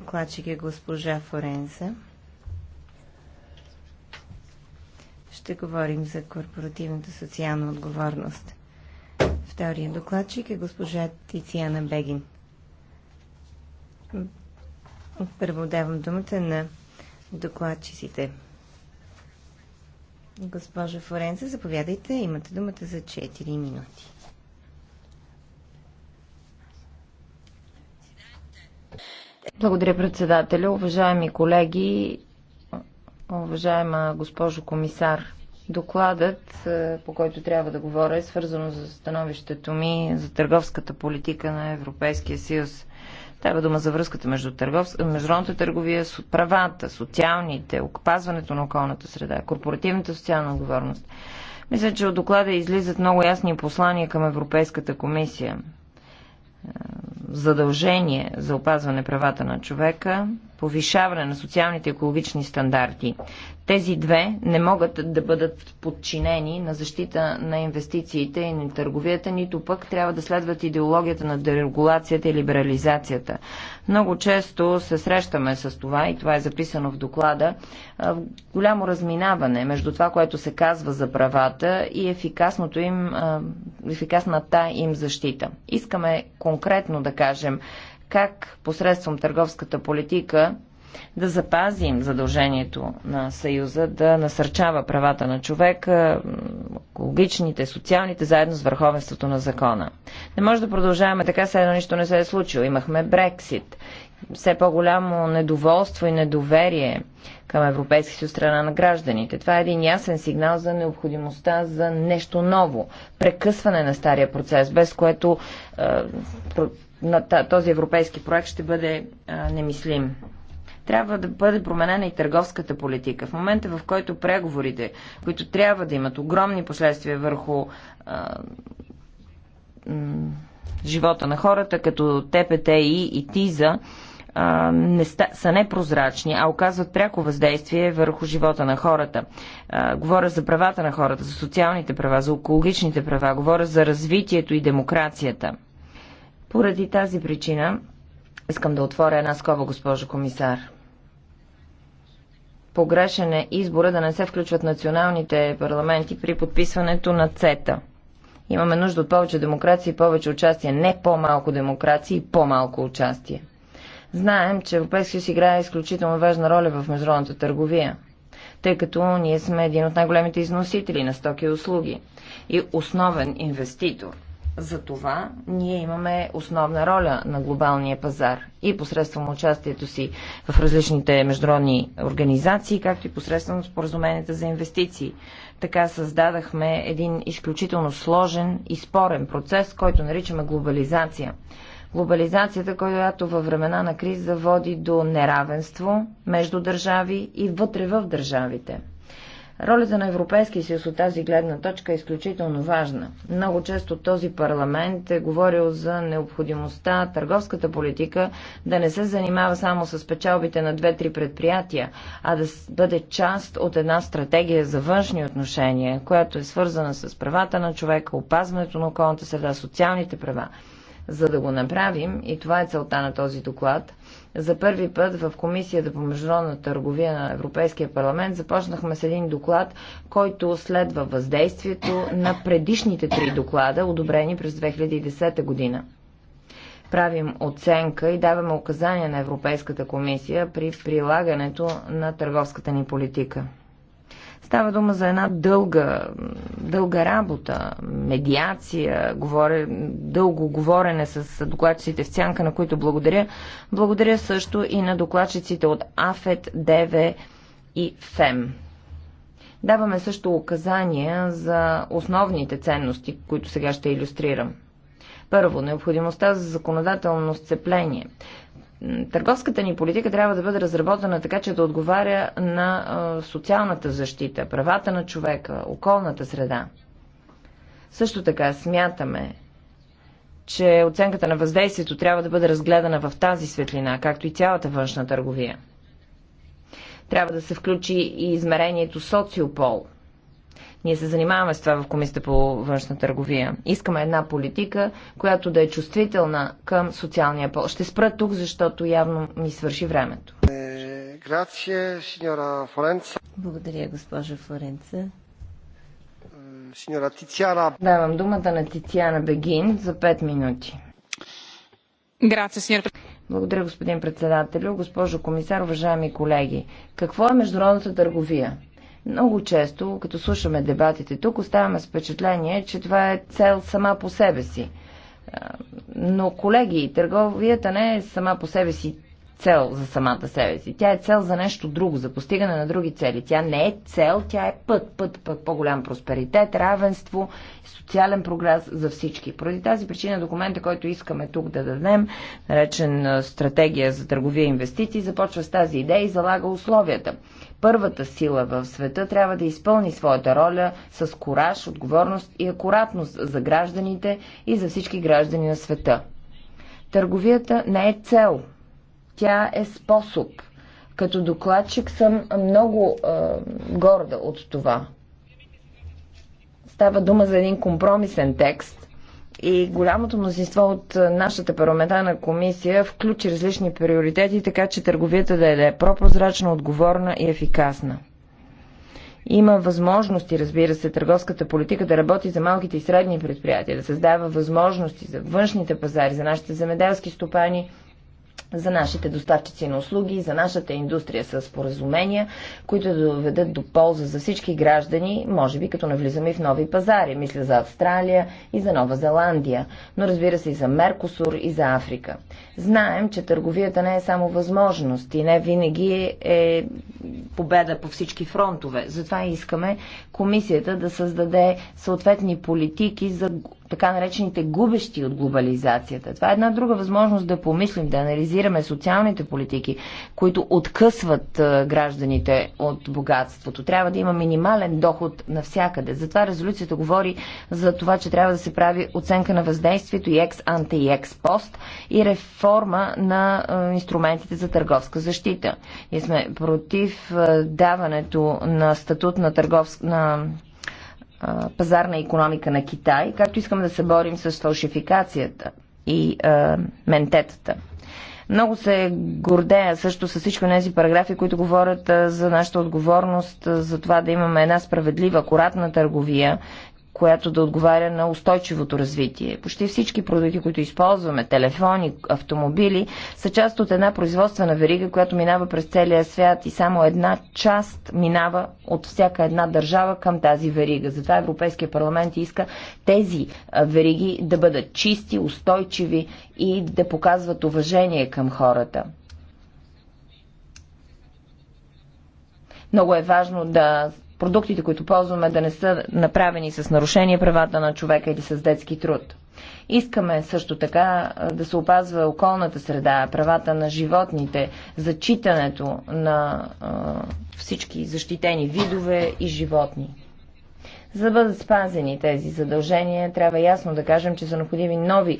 Докладчик е госпожа Форенса. Ще говорим за корпоративната социална отговорност. Втория докладчик е госпожа Тициана Бегин. Първо давам думата на докладчиците. Госпожа Форенца, заповядайте. Имате думата за 4 минути. Благодаря, председателя. Уважаеми колеги, уважаема госпожо комисар, докладът, е, по който трябва да говоря, е свързано с становището ми за търговската политика на Европейския съюз. Трябва дума за връзката между търгов... международната търговия, с правата, социалните, опазването на околната среда, корпоративната социална отговорност. Мисля, че от доклада излизат много ясни послания към Европейската комисия. Е, задължение за опазване правата на човека повишаване на социалните и екологични стандарти. Тези две не могат да бъдат подчинени на защита на инвестициите и на търговията, нито пък трябва да следват идеологията на дерегулацията и либерализацията. Много често се срещаме с това, и това е записано в доклада, в голямо разминаване между това, което се казва за правата и ефикасното им, ефикасната им защита. Искаме конкретно да кажем, как посредством търговската политика да запазим задължението на Съюза да насърчава правата на човека, екологичните, социалните, заедно с върховенството на закона. Не може да продължаваме така, все едно нищо не се е случило. Имахме Брексит, все по-голямо недоволство и недоверие към Европейски съюз страна на гражданите. Това е един ясен сигнал за необходимостта за нещо ново, прекъсване на стария процес, без което е, на този европейски проект ще бъде немислим. Трябва да бъде променена и търговската политика. В момента, в който преговорите, които трябва да имат огромни последствия върху а, живота на хората, като ТПТИ и ТИЗА, а, не ста, са непрозрачни, а оказват пряко въздействие върху живота на хората. А, говоря за правата на хората, за социалните права, за екологичните права, говоря за развитието и демокрацията. Поради тази причина искам да отворя една скоба, госпожо комисар. Погрешен е избора да не се включват националните парламенти при подписването на ЦЕТА. Имаме нужда от повече демокрация и повече участие, не по-малко демокрация и по-малко участие. Знаем, че Европейския си играе изключително важна роля в международната търговия, тъй като ние сме един от най-големите износители на стоки и услуги и основен инвеститор. За това ние имаме основна роля на глобалния пазар и посредством участието си в различните международни организации, както и посредством споразуменията за инвестиции. Така създадахме един изключително сложен и спорен процес, който наричаме глобализация. Глобализацията, която във времена на криза води до неравенство между държави и вътре в държавите – Ролята на Европейския съюз от тази гледна точка е изключително важна. Много често този парламент е говорил за необходимостта търговската политика да не се занимава само с печалбите на две-три предприятия, а да бъде част от една стратегия за външни отношения, която е свързана с правата на човека, опазването на околната среда, социалните права. За да го направим, и това е целта на този доклад – за първи път в Комисията по международна търговия на Европейския парламент започнахме с един доклад, който следва въздействието на предишните три доклада, одобрени през 2010 година правим оценка и даваме указания на Европейската комисия при прилагането на търговската ни политика. Става дума за една дълга, дълга работа, медиация, говоре, дълго говорене с докладчиците в Цянка, на които благодаря. Благодаря също и на докладчиците от АФЕТ, ДВ и ФЕМ. Даваме също указания за основните ценности, които сега ще иллюстрирам. Първо, необходимостта за законодателно сцепление търговската ни политика трябва да бъде разработена така, че да отговаря на социалната защита, правата на човека, околната среда. Също така смятаме, че оценката на въздействието трябва да бъде разгледана в тази светлина, както и цялата външна търговия. Трябва да се включи и измерението социопол – ние се занимаваме с това в Комисията по външна търговия. Искаме една политика, която да е чувствителна към социалния пол. Ще спра тук, защото явно ми свърши времето. Е, Благодаря, госпожа Флоренца. Е, Давам думата на Тициана Бегин за 5 минути. Благодаря, господин председателю. Госпожо комисар, уважаеми колеги. Какво е международната търговия? Много често, като слушаме дебатите тук, оставаме с впечатление, че това е цел сама по себе си. Но, колеги, търговията не е сама по себе си цел за самата себе си. Тя е цел за нещо друго, за постигане на други цели. Тя не е цел, тя е път, път, път по-голям просперитет, равенство, социален прогрес за всички. Поради тази причина документа, който искаме тук да дадем, наречен стратегия за търговия и инвестиции, започва с тази идея и залага условията първата сила в света, трябва да изпълни своята роля с кораж, отговорност и акуратност за гражданите и за всички граждани на света. Търговията не е цел, тя е способ. Като докладчик съм много е, горда от това. Става дума за един компромисен текст, и голямото мнозинство от нашата парламентарна комисия включи различни приоритети, така че търговията да е, да е пропрозрачна, отговорна и ефикасна. Има възможности, разбира се, търговската политика да работи за малките и средни предприятия, да създава възможности за външните пазари, за нашите земеделски стопани за нашите доставчици на услуги, за нашата индустрия с споразумения, които да доведат до полза за всички граждани, може би като навлизаме и в нови пазари. Мисля за Австралия и за Нова Зеландия, но разбира се и за Меркосур и за Африка. Знаем, че търговията не е само възможност и не винаги е, е победа по всички фронтове. Затова искаме комисията да създаде съответни политики за така наречените губещи от глобализацията. Това е една друга възможност да помислим, да анализираме социалните политики, които откъсват гражданите от богатството. Трябва да има минимален доход навсякъде. Затова резолюцията говори за това, че трябва да се прави оценка на въздействието и екс анте и екс пост и реформа на инструментите за търговска защита. Ние сме против даването на статут на, търговск... на пазарна економика на Китай, както искаме да се борим с фалшификацията и а, ментетата. Много се гордея също с всички тези параграфи, които говорят за нашата отговорност, за това да имаме една справедлива, акуратна търговия, която да отговаря на устойчивото развитие. Почти всички продукти, които използваме, телефони, автомобили, са част от една производствена верига, която минава през целия свят и само една част минава от всяка една държава към тази верига. Затова Европейския парламент иска тези вериги да бъдат чисти, устойчиви и да показват уважение към хората. Много е важно да продуктите, които ползваме, да не са направени с нарушение правата на човека или с детски труд. Искаме също така да се опазва околната среда, правата на животните, зачитането на всички защитени видове и животни. За да бъдат спазени тези задължения, трябва ясно да кажем, че са необходими нови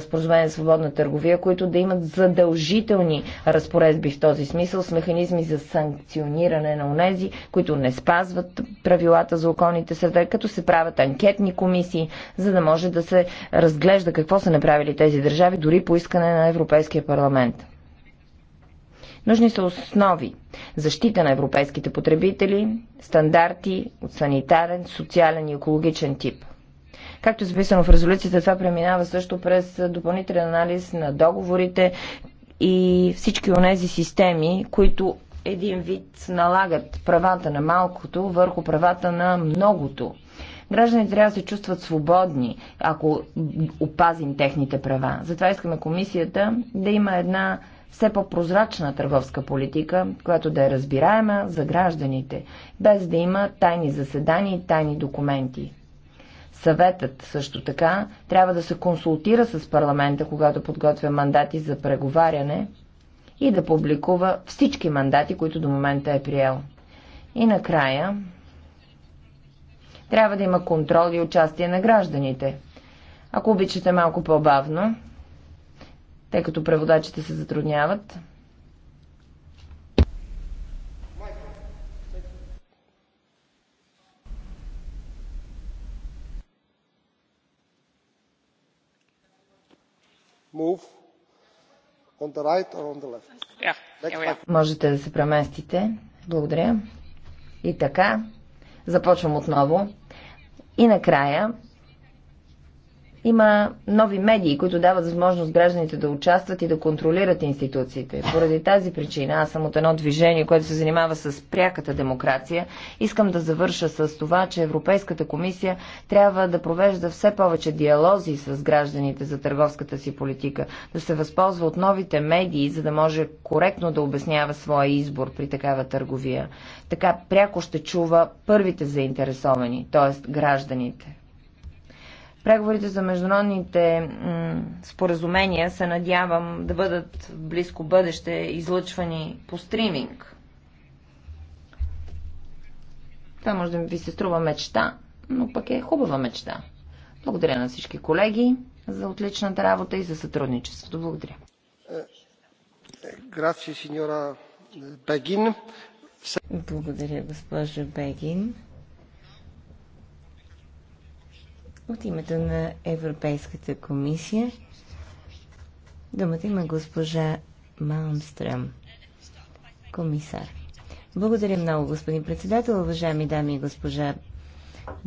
споразумения за свободна търговия, които да имат задължителни разпоредби в този смисъл с механизми за санкциониране на унези, които не спазват правилата за околните среда, като се правят анкетни комисии, за да може да се разглежда какво са направили тези държави, дори по искане на Европейския парламент. Нужни са основи. Защита на европейските потребители, стандарти от санитарен, социален и екологичен тип. Както е записано в резолюцията, това преминава също през допълнителен анализ на договорите и всички онези системи, които един вид налагат правата на малкото върху правата на многото. Гражданите трябва да се чувстват свободни, ако опазим техните права. Затова искаме комисията да има една все по-прозрачна търговска политика, която да е разбираема за гражданите, без да има тайни заседания и тайни документи. Съветът също така трябва да се консултира с парламента, когато подготвя мандати за преговаряне и да публикува всички мандати, които до момента е приел. И накрая трябва да има контрол и участие на гражданите. Ако обичате малко по-бавно, тъй като преводачите се затрудняват. Right yeah, Можете да се преместите. Благодаря. И така, започвам отново. И накрая има нови медии, които дават възможност гражданите да участват и да контролират институциите. Поради тази причина аз съм от едно движение, което се занимава с пряката демокрация. Искам да завърша с това, че Европейската комисия трябва да провежда все повече диалози с гражданите за търговската си политика, да се възползва от новите медии, за да може коректно да обяснява своя избор при такава търговия. Така пряко ще чува първите заинтересовани, т.е. гражданите. Преговорите за международните споразумения се надявам да бъдат в близко бъдеще излъчвани по стриминг. Това може да ви се струва мечта, но пък е хубава мечта. Благодаря на всички колеги за отличната работа и за сътрудничеството. Благодаря. Благодаря, госпожа Бегин. От името на Европейската комисия думата има госпожа Малмстрам, комисар. Благодаря много, господин председател, уважаеми дами и госпожа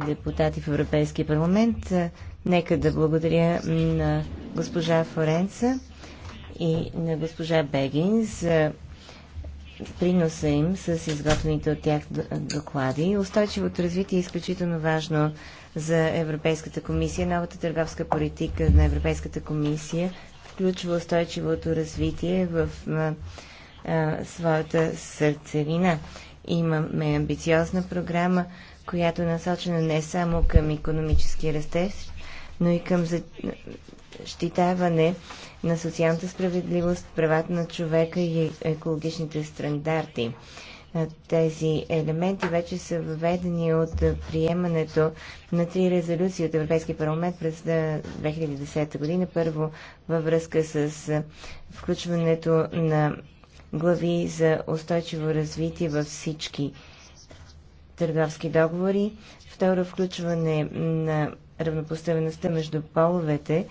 депутати в Европейския парламент. Нека да благодаря на госпожа Форенца и на госпожа Бегин за приноса им с изготвените от тях доклади. Устойчивото развитие е изключително важно за Европейската комисия. Новата търговска политика на Европейската комисия включва устойчивото развитие в а, а, своята сърцевина. Имаме амбициозна програма, която е насочена не само към економически растеж, но и към защитаване на социалната справедливост, правата на човека и екологичните стандарти тези елементи вече са въведени от приемането на три резолюции от Европейския парламент през 2010 година. Първо във връзка с включването на глави за устойчиво развитие във всички търговски договори. Второ включване на равнопоставеността между половете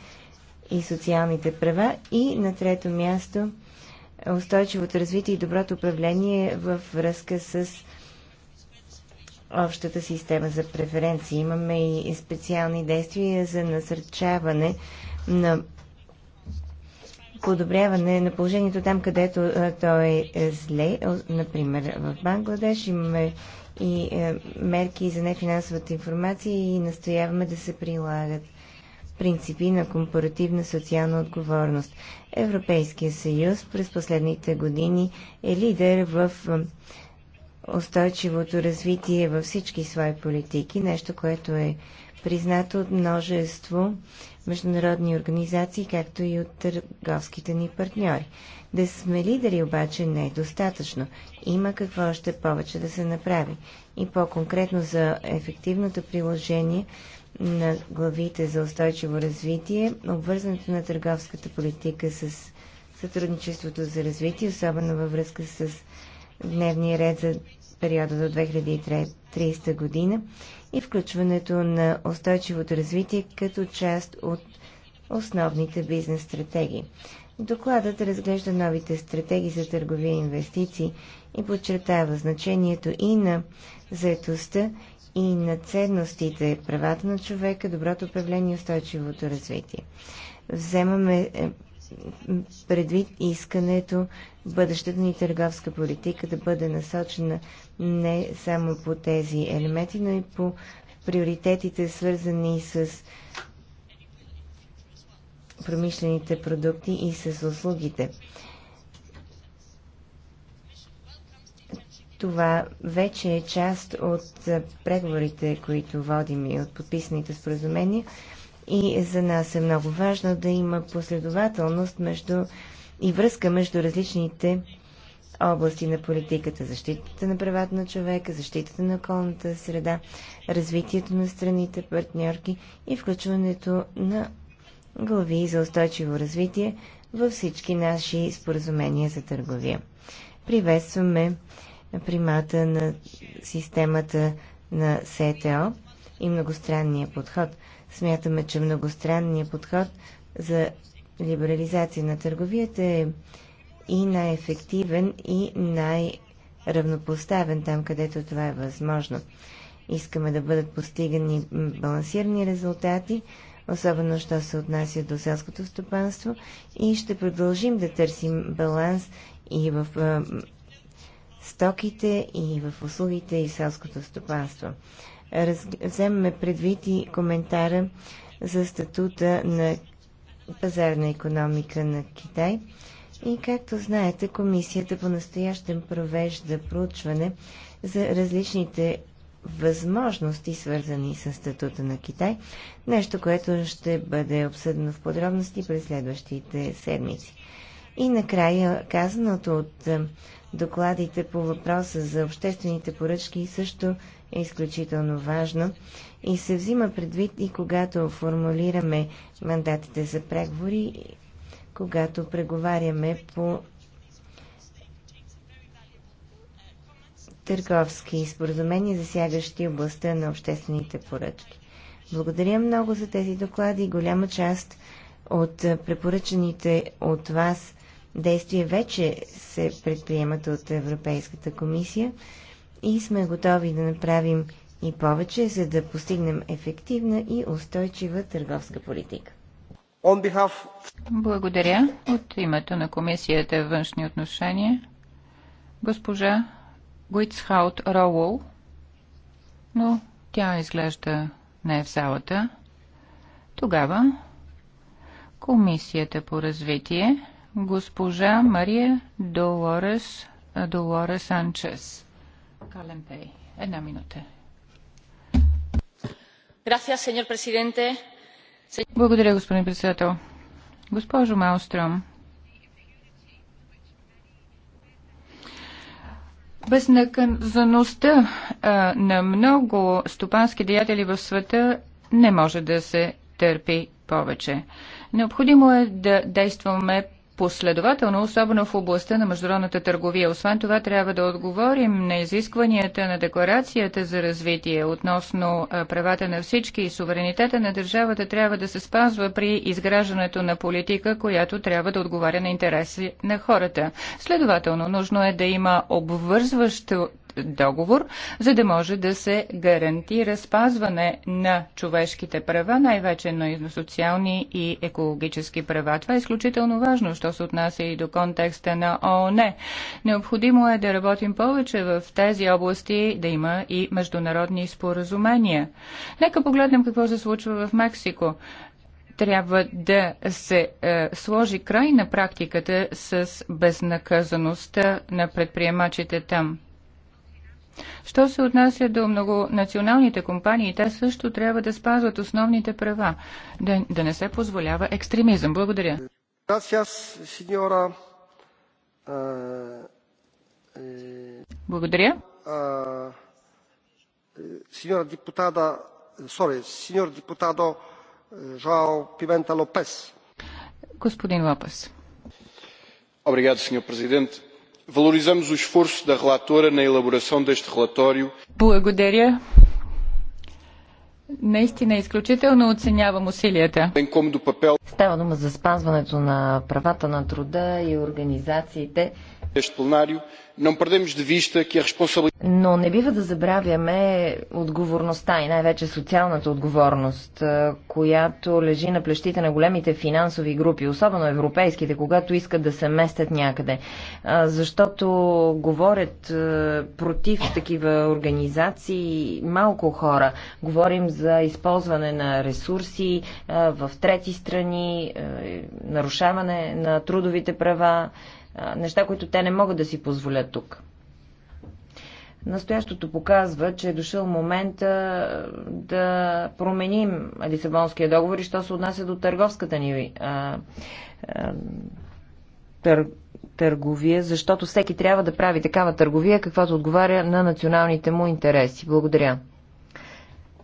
и социалните права. И на трето място устойчивото развитие и доброто управление във връзка с общата система за преференции. Имаме и специални действия за насърчаване на подобряване на положението там, където то е зле. Например, в Бангладеш имаме и е, мерки за нефинансовата информация и настояваме да се прилагат принципи на корпоративна социална отговорност. Европейския съюз през последните години е лидер в устойчивото развитие във всички свои политики, нещо, което е признато от множество международни организации, както и от търговските ни партньори. Да сме лидери обаче не е достатъчно. Има какво още повече да се направи. И по-конкретно за ефективното приложение на главите за устойчиво развитие, обвързването на търговската политика с сътрудничеството за развитие, особено във връзка с дневния ред за периода до 2030 година и включването на устойчивото развитие като част от основните бизнес стратегии. Докладът разглежда новите стратегии за търговия и инвестиции и подчертава значението и на заетостта, и на ценностите, правата на човека, доброто управление и устойчивото развитие. Вземаме е, предвид искането бъдещата ни търговска политика да бъде насочена не само по тези елементи, но и по приоритетите, свързани с промишлените продукти и с услугите. Това вече е част от преговорите, които водим и от подписаните споразумения. И за нас е много важно да има последователност между и връзка между различните области на политиката. Защитата на правата на човека, защитата на околната среда, развитието на страните партньорки и включването на глави за устойчиво развитие във всички наши споразумения за търговия. Приветстваме примата на системата на СТО и многостранния подход. Смятаме, че многостранния подход за либерализация на търговията е и най-ефективен, и най-равнопоставен там, където това е възможно. Искаме да бъдат постигани балансирани резултати, особено що се отнася до селското стопанство и ще продължим да търсим баланс и в стоките и в услугите и селското стопанство. Раз... Вземаме предвид и коментара за статута на пазарна економика на Китай. И както знаете, комисията по-настоящем провежда проучване за различните възможности, свързани с статута на Китай, нещо, което ще бъде обсъдено в подробности през следващите седмици. И накрая казаното от докладите по въпроса за обществените поръчки също е изключително важно и се взима предвид и когато формулираме мандатите за преговори, когато преговаряме по търговски споразумения, засягащи областта на обществените поръчки. Благодаря много за тези доклади. Голяма част от препоръчаните от вас действия вече се предприемат от Европейската комисия и сме готови да направим и повече, за да постигнем ефективна и устойчива търговска политика. Благодаря. От името на Комисията външни отношения, госпожа Гуицхаут Роуъл, но тя изглежда не е в залата. Тогава Комисията по развитие госпожа Мария Долорес, Долорес Санчес. Каленпей. Една минута. Благодаря, господин председател. Госпожо Маустром, безнаказаността на много стопански деятели в света не може да се търпи повече. Необходимо е да действаме последователно, особено в областта на международната търговия. Освен това, трябва да отговорим на изискванията на Декларацията за развитие относно правата на всички и суверенитета на държавата трябва да се спазва при изграждането на политика, която трябва да отговаря на интереси на хората. Следователно, нужно е да има обвързващо договор, за да може да се гарантира спазване на човешките права, най-вече на социални и екологически права. Това е изключително важно, що се отнася и до контекста на ООН. Необходимо е да работим повече в тези области, да има и международни споразумения. Нека погледнем какво се случва в Мексико трябва да се е, сложи край на практиката с безнаказаността на предприемачите там. Що се отнася до многонационалните компании, те също трябва да спазват основните права, да, да не се позволява екстремизъм. Благодаря. Э, э, Благодаря. Э, сеньора депутата, sorry, сеньор депутато Жоао Пимента Лопес. Господин Лопес. Obrigado, senhor президент. Valorizamos o esforço da relatora na elaboração deste relatório. Благодаря. Наистина изключително оценявам усилията. Става дума за спазването на правата на труда и организациите, но не бива да забравяме отговорността и най-вече социалната отговорност, която лежи на плещите на големите финансови групи, особено европейските, когато искат да се местят някъде. Защото говорят против такива организации малко хора. Говорим за използване на ресурси в трети страни, нарушаване на трудовите права неща, които те не могат да си позволят тук. Настоящото показва, че е дошъл момента да променим Лисабонския договор и що се отнася до търговската ни а, а, тър, търговия, защото всеки трябва да прави такава търговия, каквато отговаря на националните му интереси. Благодаря.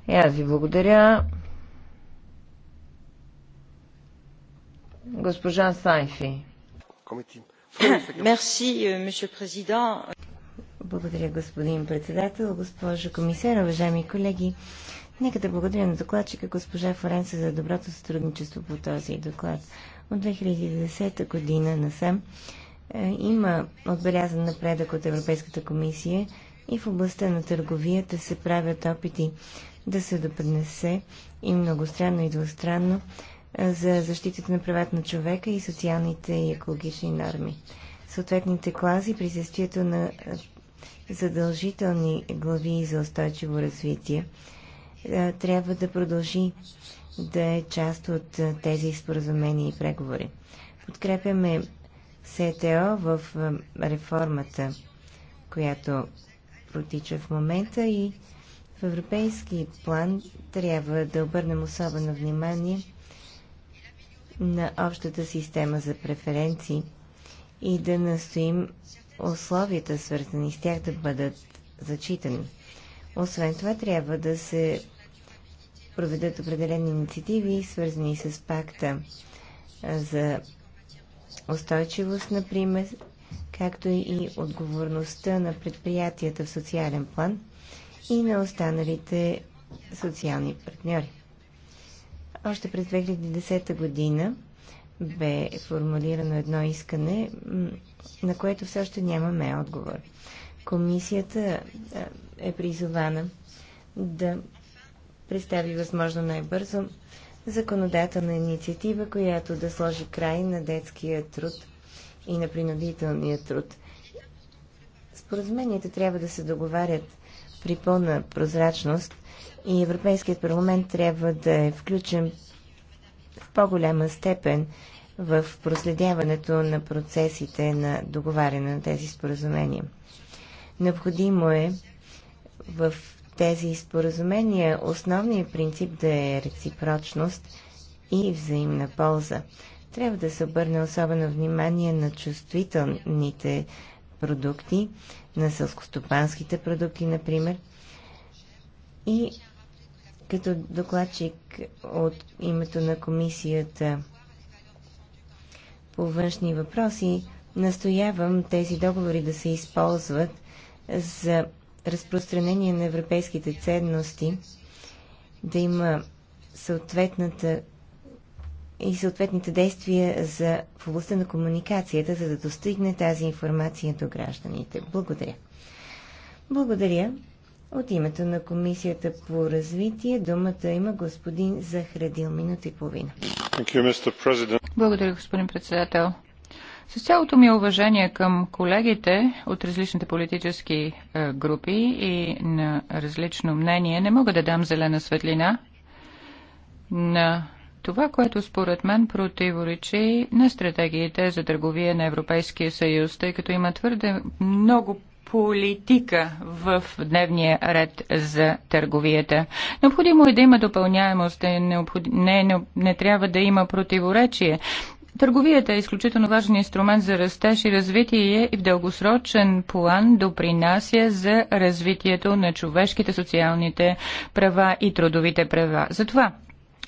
И аз ви благодаря. Госпожа Сайфи. Комитет. Euh, благодаря, господин председател, госпожо комисар, уважаеми колеги. Нека да благодаря на докладчика госпожа Форенса за доброто сътрудничество по този доклад. От 2010 година насам сам е, има отбелязан напредък от Европейската комисия и в областта на търговията се правят опити да се допринесе и многостранно и двустранно за защитата на правата на човека и социалните и екологични норми. Съответните клази при състоянието на задължителни глави за устойчиво развитие трябва да продължи да е част от тези споразумения и преговори. Подкрепяме СТО в реформата, която протича в момента и в европейски план трябва да обърнем особено внимание на общата система за преференции и да настоим условията, свързани с тях, да бъдат зачитани. Освен това, трябва да се проведат определени инициативи, свързани с пакта за устойчивост, например, както и отговорността на предприятията в социален план и на останалите социални партньори. Още през 2010 година бе формулирано едно искане, на което все още нямаме отговор. Комисията е призована да представи възможно най-бързо законодателна инициатива, която да сложи край на детския труд и на принудителния труд. Споразуменията трябва да се договарят при пълна прозрачност и Европейският парламент трябва да е включен в по-голяма степен в проследяването на процесите на договаряне на тези споразумения. Необходимо е в тези споразумения основният принцип да е реципрочност и взаимна полза. Трябва да се обърне особено внимание на чувствителните продукти, на сълскостопанските продукти, например. И като докладчик от името на комисията по външни въпроси, настоявам тези договори да се използват за разпространение на европейските ценности, да има съответната и съответните действия за, в областта на комуникацията, за да достигне тази информация до гражданите. Благодаря. Благодаря. От името на Комисията по развитие думата има господин Захрадил. Минута и половина. Благодаря, господин председател. С цялото ми уважение към колегите от различните политически е, групи и на различно мнение, не мога да дам зелена светлина на това, което според мен противоречи на стратегиите за търговия на Европейския съюз, тъй като има твърде много политика в дневния ред за търговията. Необходимо е да има допълняемост, е не, не, не трябва да има противоречие. Търговията е изключително важен инструмент за растеж и развитие и е в дългосрочен план допринася за развитието на човешките, социалните права и трудовите права. Затова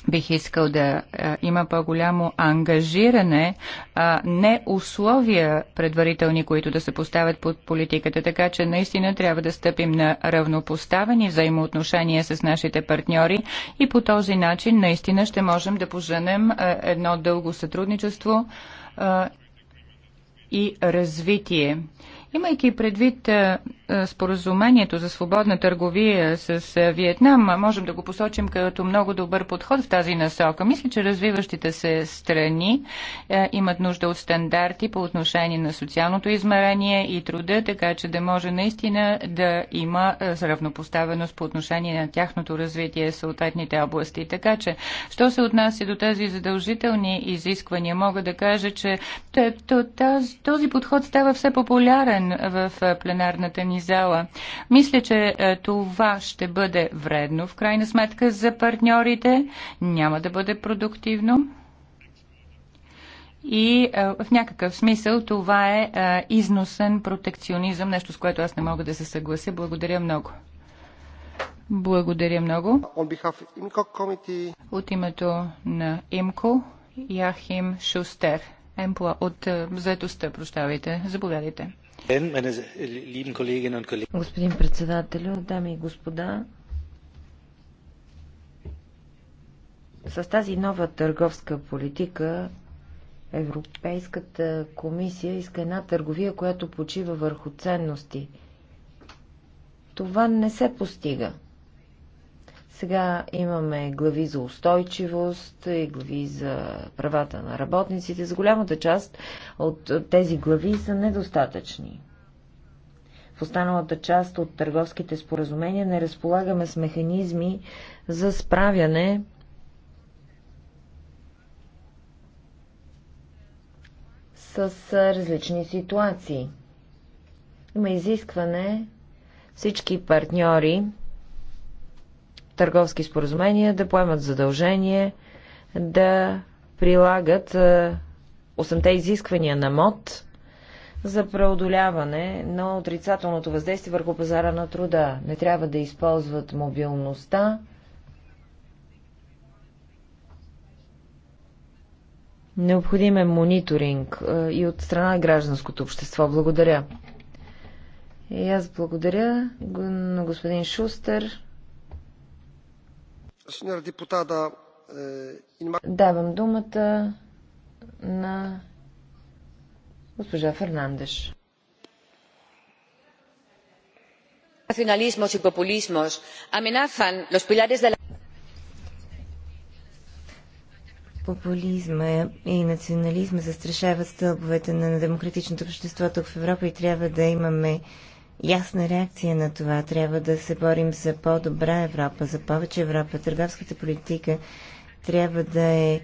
Бих искал да а, има по-голямо ангажиране, а не условия предварителни, които да се поставят под политиката, така че наистина трябва да стъпим на равнопоставени взаимоотношения с нашите партньори и по този начин наистина ще можем да поженем а, едно дълго сътрудничество а, и развитие. Имайки предвид а, е, споразумението за свободна търговия с е, Виетнам, можем да го посочим като много добър подход в тази насока. Мисля, че развиващите се страни е, имат нужда от стандарти по отношение на социалното измерение и труда, така че да може наистина да има равнопоставеност по отношение на тяхното развитие в съответните области. Така че, що се отнася до тези задължителни изисквания, мога да кажа, че този подход става все популярен в пленарната ни зала. Мисля, че е, това ще бъде вредно в крайна сметка за партньорите, няма да бъде продуктивно. И е, в някакъв смисъл това е, е износен протекционизъм, нещо с което аз не мога да се съглася. Благодаря много. Благодаря много. От името на ИМКО, Яхим Шустер, Емпла от заедостта, прощавайте, заповядайте. Господин председателю, дами и господа, с тази нова търговска политика Европейската комисия иска една търговия, която почива върху ценности. Това не се постига. Сега имаме глави за устойчивост и глави за правата на работниците. За голямата част от тези глави са недостатъчни. В останалата част от търговските споразумения не разполагаме с механизми за справяне с различни ситуации. Има изискване всички партньори търговски споразумения да поемат задължение да прилагат 8-те е, изисквания на МОД за преодоляване на отрицателното въздействие върху пазара на труда. Не трябва да използват мобилността, Необходим е мониторинг е, и от страна на гражданското общество. Благодаря. И аз благодаря на господин Шустер. Е, Давам думата на госпожа Фернандеш. Национализмos y populismos amenazan los pilares de la популизма и национализма застрашават стълбовете на демократичното общество тук в Европа и трябва да имаме ясна реакция на това. Трябва да се борим за по-добра Европа, за повече Европа. Търговската политика трябва да е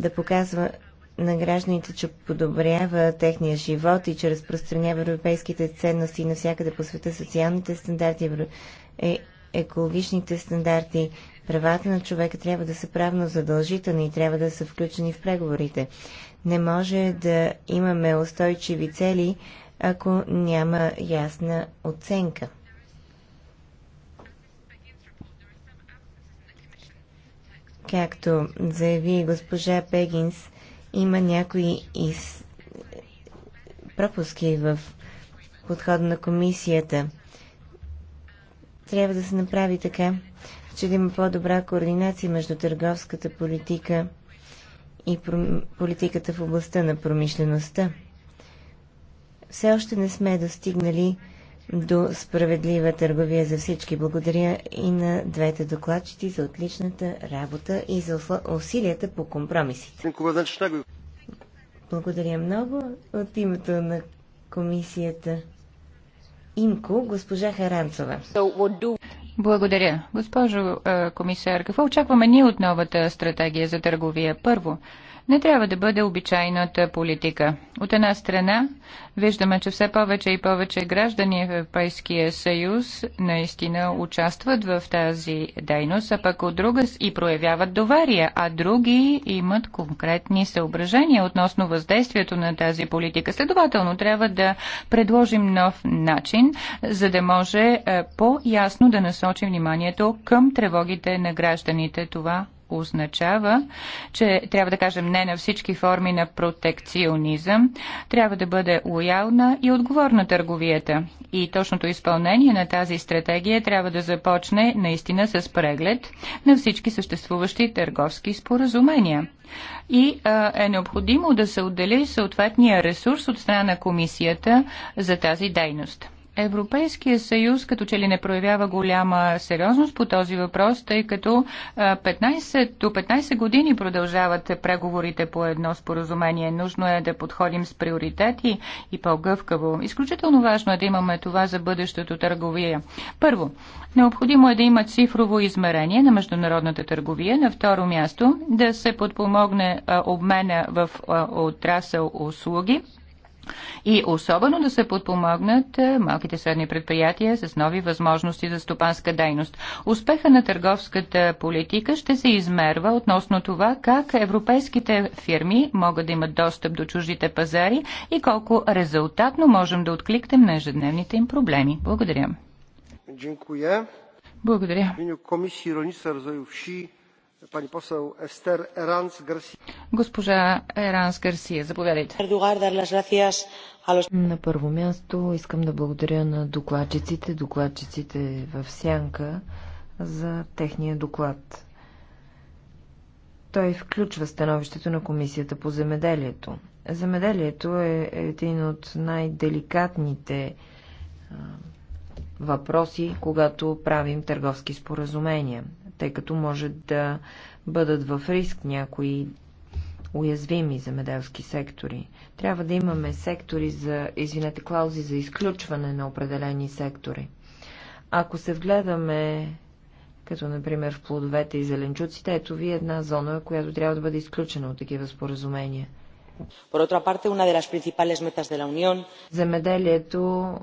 да показва на гражданите, че подобрява техния живот и че разпространява европейските ценности навсякъде по света, социалните стандарти, е, екологичните стандарти, правата на човека трябва да са правно задължителни и трябва да са включени в преговорите. Не може да имаме устойчиви цели, ако няма ясна оценка. Както заяви госпожа Пегинс, има някои из... пропуски в подхода на комисията. Трябва да се направи така, че да има по-добра координация между търговската политика и политиката в областта на промишлеността все още не сме достигнали до справедлива търговия за всички. Благодаря и на двете докладчици за отличната работа и за усилията по компромисите. Благодаря много от името на комисията Имко, госпожа Харанцова. Благодаря. Госпожо е, комисар, какво очакваме ние от новата стратегия за търговия? Първо, не трябва да бъде обичайната политика. От една страна, виждаме, че все повече и повече граждани в Европейския съюз наистина участват в тази дейност, а пък от друга и проявяват доверие, а други имат конкретни съображения относно въздействието на тази политика. Следователно, трябва да предложим нов начин, за да може е, по-ясно да насочим вниманието към тревогите на гражданите. Това означава, че трябва да кажем не на всички форми на протекционизъм, трябва да бъде лоялна и отговорна търговията. И точното изпълнение на тази стратегия трябва да започне наистина с преглед на всички съществуващи търговски споразумения. И а, е необходимо да се отдели съответния ресурс от страна на комисията за тази дейност. Европейския съюз като че ли не проявява голяма сериозност по този въпрос, тъй като 15, до 15 години продължават преговорите по едно споразумение. Нужно е да подходим с приоритети и по-гъвкаво. Изключително важно е да имаме това за бъдещето търговия. Първо, необходимо е да има цифрово измерение на международната търговия. На второ място, да се подпомогне обмена в отрасъл услуги и особено да се подпомогнат е, малките средни предприятия с нови възможности за стопанска дейност. Успеха на търговската политика ще се измерва относно това как европейските фирми могат да имат достъп до чуждите пазари и колко резултатно можем да откликнем на ежедневните им проблеми. Благодаря. Благодаря. Благодаря. Госпожа Еранс Гарсия, заповядайте. На първо място искам да благодаря на докладчиците, докладчиците в Сянка за техния доклад. Той включва становището на Комисията по земеделието. Земеделието е един от най-деликатните въпроси, когато правим търговски споразумения тъй като може да бъдат в риск някои уязвими земеделски сектори. Трябва да имаме сектори за, извинете, клаузи за изключване на определени сектори. Ако се вгледаме като например в плодовете и зеленчуците, ето ви една зона, която трябва да бъде изключена от такива споразумения – Земеделието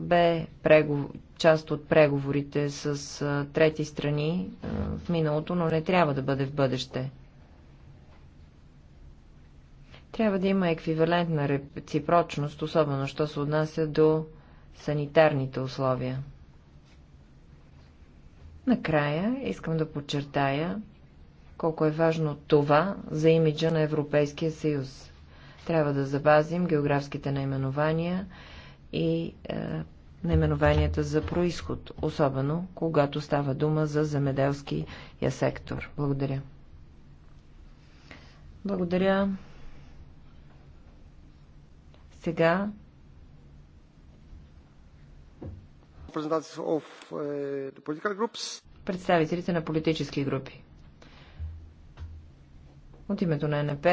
бе прегов... част от преговорите с трети страни в миналото, но не трябва да бъде в бъдеще. Трябва да има еквивалентна реципрочност, особено що се отнася до санитарните условия. Накрая искам да подчертая колко е важно това за имиджа на Европейския съюз. Трябва да запазим географските наименования и е, наименованията за происход, особено когато става дума за земеделския сектор. Благодаря. Благодаря. Сега е, Представителите на политически групи. От името на НП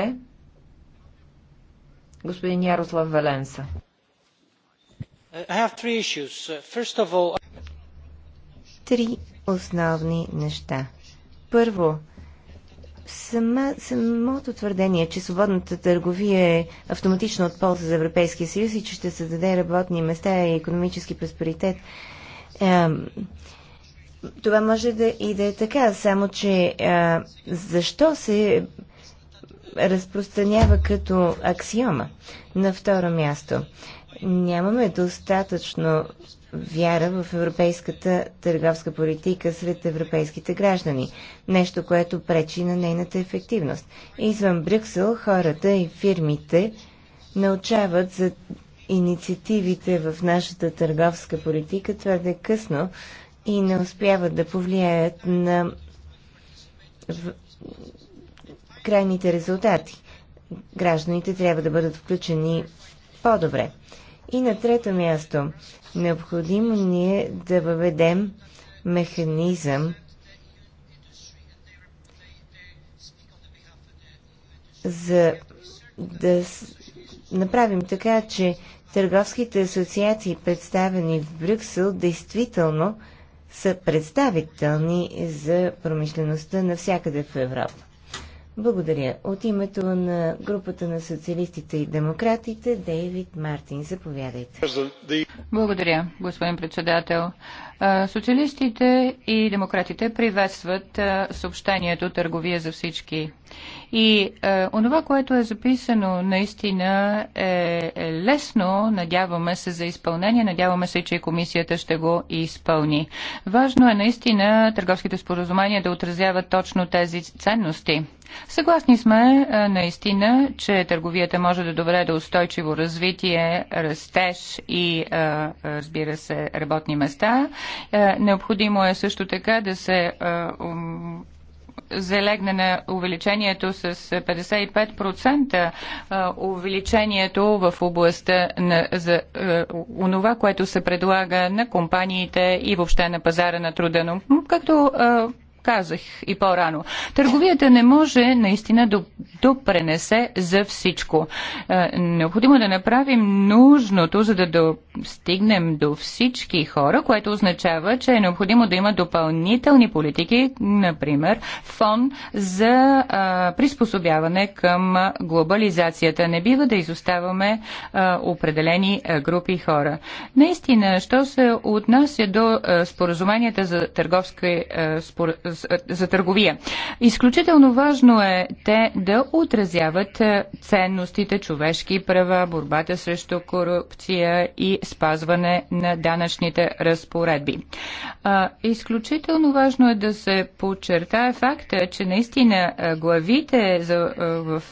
Господин Ярослав Валенса. Три основни неща. Първо, сама, самото твърдение, че свободната търговия е автоматично от полза за Европейския съюз и че ще създаде работни места и економически просперитет, е, това може да и да е така, само че е, защо се разпространява като аксиома. На второ място, нямаме достатъчно вяра в европейската търговска политика сред европейските граждани. Нещо, което пречи на нейната ефективност. Извън Брюксел хората и фирмите научават за инициативите в нашата търговска политика твърде късно и не успяват да повлияят на крайните резултати. Гражданите трябва да бъдат включени по-добре. И на трето място, необходимо ни е да въведем механизъм за да направим така, че търговските асоциации, представени в Брюксел, действително са представителни за промишлеността навсякъде в Европа. Благодаря. От името на групата на социалистите и демократите, Дейвид Мартин, заповядайте. Благодаря, господин председател. Социалистите и демократите приветстват съобщението Търговия за всички и е, онова, което е записано, наистина е, е, лесно. Надяваме се за изпълнение. Надяваме се, че комисията ще го изпълни. Важно е наистина търговските споразумения да отразяват точно тези ценности. Съгласни сме е, наистина, че търговията може да доведе до устойчиво развитие, растеж и, е, е разбира се, работни места. Е, необходимо е също така да се е, залегне на увеличението с 55% увеличението в областта на, за онова, което се предлага на компаниите и въобще на пазара на труда. Но както казах и по-рано. Търговията не може наистина да допренесе за всичко. Е, необходимо е да направим нужното, за да достигнем до всички хора, което означава, че е необходимо да има допълнителни политики, например фон за а, приспособяване към глобализацията. Не бива да изоставаме а, определени а, групи хора. Наистина, що се отнася до а, споразуменията за търговски а, спор за търговия. Изключително важно е те да отразяват е, ценностите, човешки права, борбата срещу корупция и спазване на данъчните разпоредби. Изключително важно е да се подчертае факта, че наистина е, главите за, е, в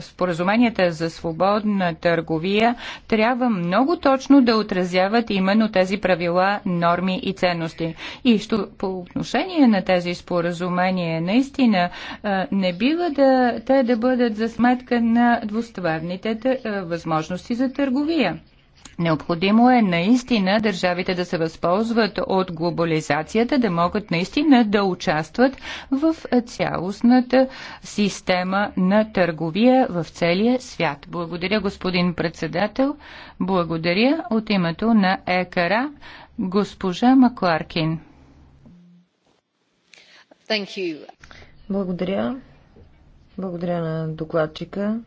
споразуменията за свободна търговия трябва много точно да отразяват именно тези правила, норми и ценности. И по отношение на тези споразумение. Наистина не бива да, те да бъдат за сметка на двустранните възможности за търговия. Необходимо е наистина държавите да се възползват от глобализацията, да могат наистина да участват в цялостната система на търговия в целия свят. Благодаря, господин председател. Благодаря от името на ЕКАРА госпожа Макларкин. Благодаря. Благодаря на докладчика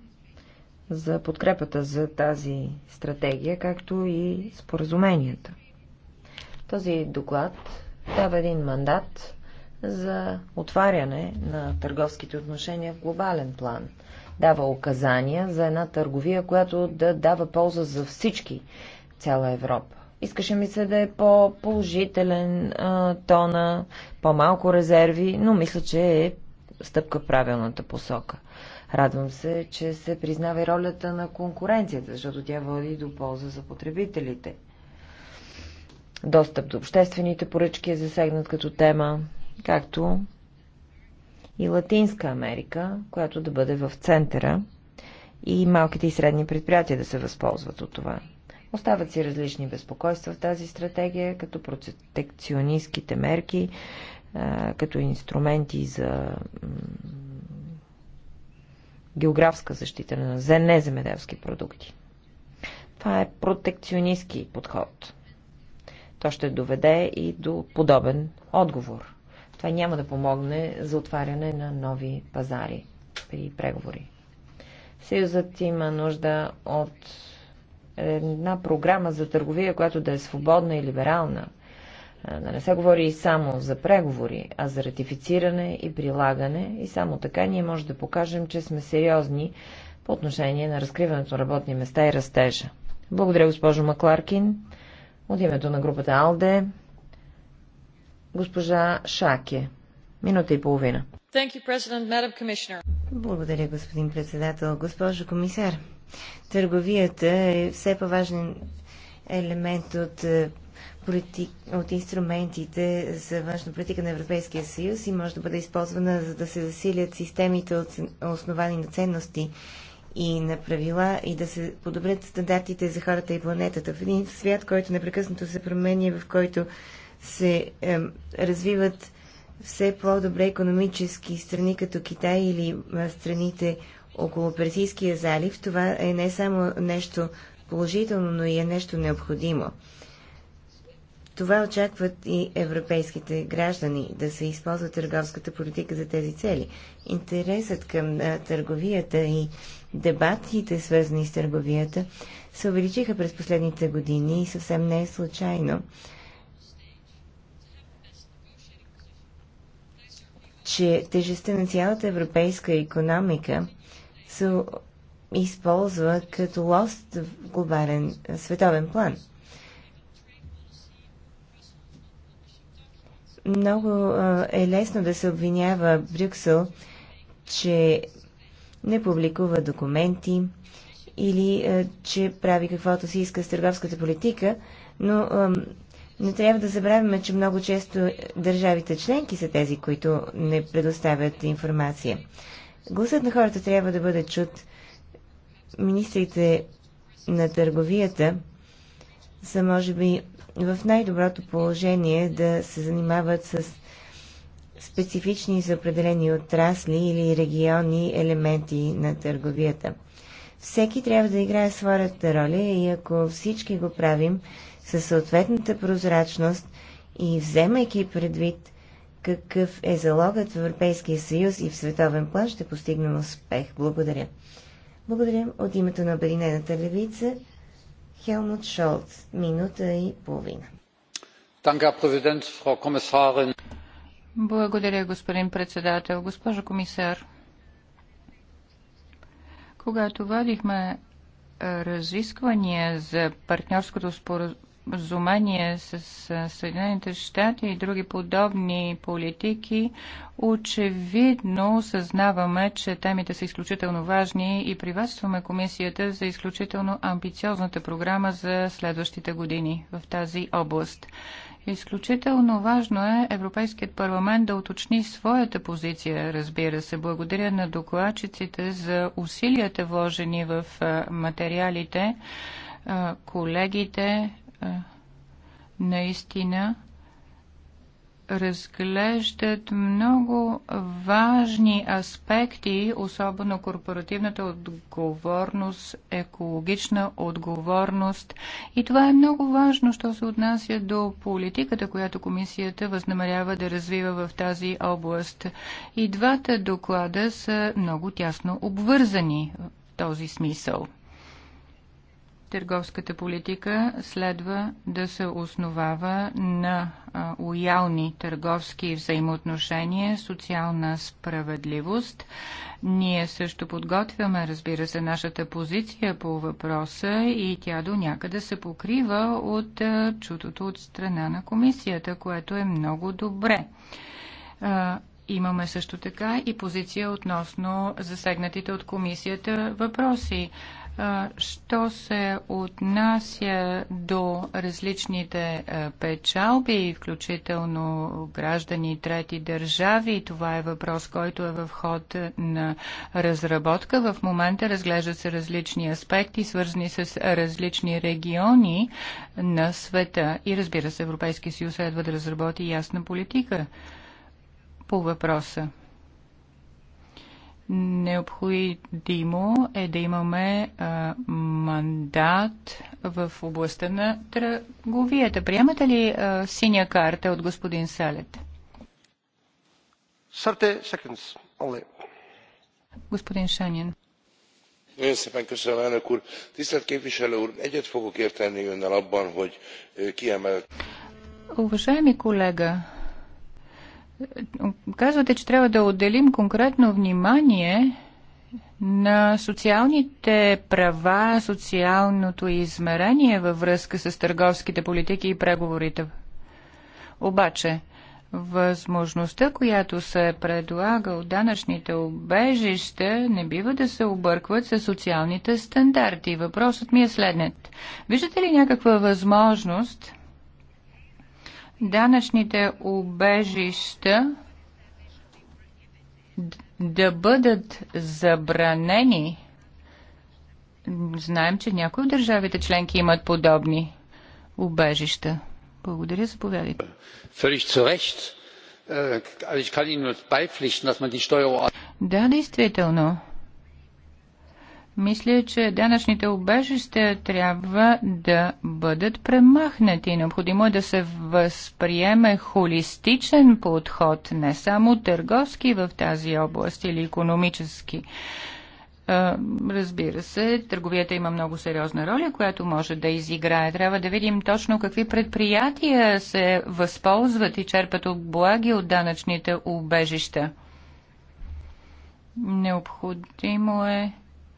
за подкрепата за тази стратегия, както и споразуменията. Този доклад дава един мандат за отваряне на търговските отношения в глобален план. Дава указания за една търговия, която да дава полза за всички цяла Европа. Искаше ми се да е по-положителен тона, по-малко резерви, но мисля, че е стъпка в правилната посока. Радвам се, че се признава и ролята на конкуренцията, защото тя води до полза за потребителите. Достъп до обществените поръчки е засегнат като тема, както и Латинска Америка, която да бъде в центъра и малките и средни предприятия да се възползват от това. Остават си различни безпокойства в тази стратегия, като протекционистските мерки, като инструменти за географска защита на неземеделски продукти. Това е протекционистски подход. То ще доведе и до подобен отговор. Това няма да помогне за отваряне на нови пазари при преговори. Съюзът има нужда от една програма за търговия, която да е свободна и либерална. Да не се говори и само за преговори, а за ратифициране и прилагане. И само така ние може да покажем, че сме сериозни по отношение на разкриването на работни места и растежа. Благодаря, госпожо Макларкин. От името на групата АЛДЕ, госпожа Шаке. Минута и половина. Благодаря, господин председател. Госпожо комисар, Търговията е все по-важен елемент от, е, политик, от инструментите за външна политика на Европейския съюз и може да бъде използвана за да се засилят системите от основани на ценности и на правила и да се подобрят стандартите за хората и планетата. В един свят, който непрекъснато се променя, в който се е, развиват все по-добре економически страни като Китай или е, страните около Персийския залив, това е не само нещо положително, но и е нещо необходимо. Това очакват и европейските граждани да се използва търговската политика за тези цели. Интересът към търговията и дебатите, свързани с търговията, се увеличиха през последните години и съвсем не е случайно, че тежестта на цялата европейска економика се използва като лост в глобален световен план. Много е лесно да се обвинява Брюксел, че не публикува документи или че прави каквото си иска с търговската политика, но не трябва да забравяме, че много често държавите членки са тези, които не предоставят информация. Гласът на хората трябва да бъде чут. Министрите на търговията са, може би, в най-доброто положение да се занимават с специфични за определени отрасли или региони елементи на търговията. Всеки трябва да играе своята роля и ако всички го правим със съответната прозрачност и вземайки предвид – какъв е залогът в Европейския съюз и в световен план, ще постигнем успех. Благодаря. Благодаря от името на Обединената левица Хелмут Шолц. Минута и половина. Благодаря, господин председател. Госпожо комисар, когато вадихме разисквания за партньорското споразумение, споразумение с Съединените щати и други подобни политики, очевидно съзнаваме, че темите са изключително важни и приветстваме комисията за изключително амбициозната програма за следващите години в тази област. Изключително важно е Европейският парламент да уточни своята позиция, разбира се. Благодаря на докладчиците за усилията вложени в материалите, колегите, наистина разглеждат много важни аспекти, особено корпоративната отговорност, екологична отговорност. И това е много важно, що се отнася до политиката, която комисията възнамерява да развива в тази област. И двата доклада са много тясно обвързани в този смисъл търговската политика следва да се основава на лоялни търговски взаимоотношения, социална справедливост. Ние също подготвяме, разбира се, нашата позиция по въпроса и тя до някъде се покрива от чутото от страна на комисията, което е много добре. Имаме също така и позиция относно засегнатите от комисията въпроси. Що се отнася до различните печалби, включително граждани трети държави, това е въпрос, който е в ход на разработка. В момента разглеждат се различни аспекти, свързани с различни региони на света. И разбира се, Европейския съюз следва да разработи ясна политика по въпроса. Необходимо е да имаме а, мандат в областта на търговията. Приемате ли а, синя карта от господин Салет? 30 seconds only. Господин Шанин. Nagyon szépen köszönöm, elnök úr. Tisztelt képviselő úr, egyet fogok érteni önnel abban, hogy kiemelt. Уважаеми колега, казвате, че трябва да отделим конкретно внимание на социалните права, социалното измерение във връзка с търговските политики и преговорите. Обаче, възможността, която се предлага от данъчните обежища, не бива да се объркват с социалните стандарти. Въпросът ми е следният. Виждате ли някаква възможност данъчните убежища да бъдат забранени. Знаем, че някои от държавите членки имат подобни убежища. Благодаря, заповядайте. Äh, да, действително. Мисля, че данъчните убежища трябва да бъдат премахнати. Необходимо е да се възприеме холистичен подход, не само търговски в тази област или економически. Разбира се, търговията има много сериозна роля, която може да изиграе. Трябва да видим точно какви предприятия се възползват и черпат облаги от данъчните убежища. Необходимо е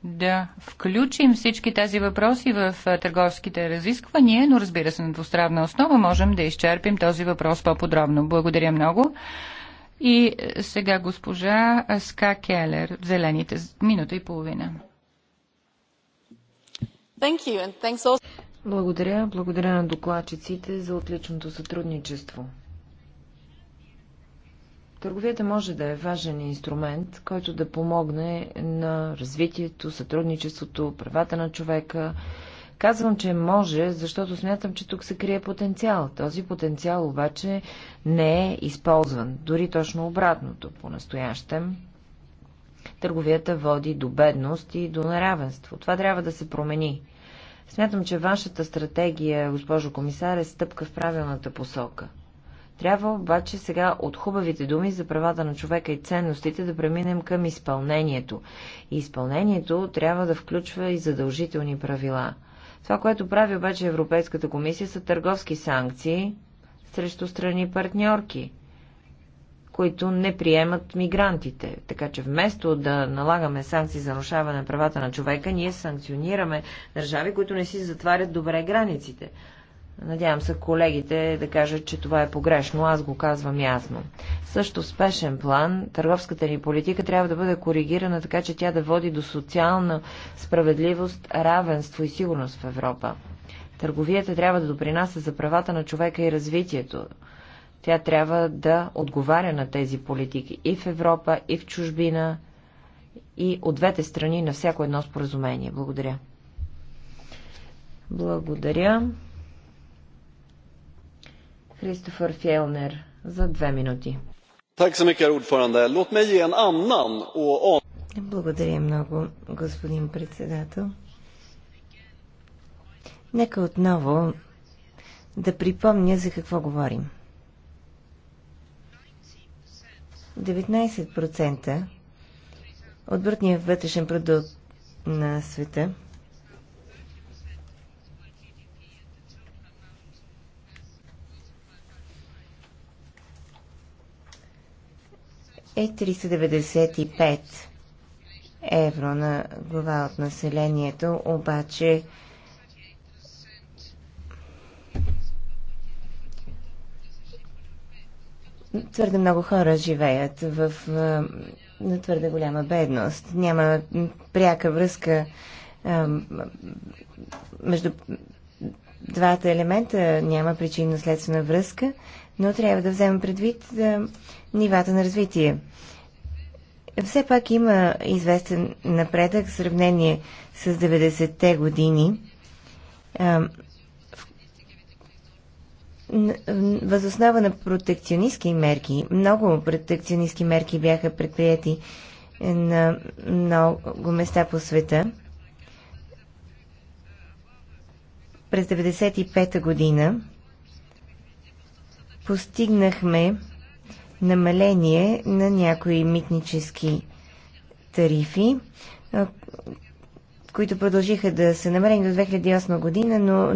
да включим всички тези въпроси в търговските разисквания, но разбира се на двустранна основа можем да изчерпим този въпрос по-подробно. Благодаря много. И сега госпожа Ска Келер, зелените, минута и половина. Благодаря, благодаря на докладчиците за отличното сътрудничество. Търговията може да е важен инструмент, който да помогне на развитието, сътрудничеството, правата на човека. Казвам, че може, защото смятам, че тук се крие потенциал. Този потенциал обаче не е използван, дори точно обратното по-настоящем. Търговията води до бедност и до неравенство. Това трябва да се промени. Смятам, че вашата стратегия, госпожо комисар, е стъпка в правилната посока – трябва обаче сега от хубавите думи за правата на човека и ценностите да преминем към изпълнението. И изпълнението трябва да включва и задължителни правила. Това, което прави обаче Европейската комисия, са търговски санкции срещу страни партньорки, които не приемат мигрантите. Така че вместо да налагаме санкции за нарушаване на правата на човека, ние санкционираме държави, които не си затварят добре границите. Надявам се колегите да кажат, че това е погрешно, аз го казвам ясно. Също в спешен план, търговската ни политика трябва да бъде коригирана така, че тя да води до социална справедливост, равенство и сигурност в Европа. Търговията трябва да допринася за правата на човека и развитието. Тя трябва да отговаря на тези политики и в Европа, и в чужбина, и от двете страни на всяко едно споразумение. Благодаря. Благодаря. Кристофър Фелнер за две минути. Благодаря много, господин председател. Нека отново да припомня за какво говорим. 19% от брутния вътрешен продукт на света – е 395 евро на глава от населението, обаче твърде много хора живеят в на твърде голяма бедност. Няма пряка връзка между двата елемента, няма причинно-следствена връзка но трябва да вземем предвид да, е, нивата на развитие. Все пак има известен напредък в сравнение с 90-те години. Е, Възоснова на протекционистски мерки, много протекционистки мерки бяха предприяти е, на много места по света. През 95-та година постигнахме намаление на някои митнически тарифи, които продължиха да са намалени до 2008 година, но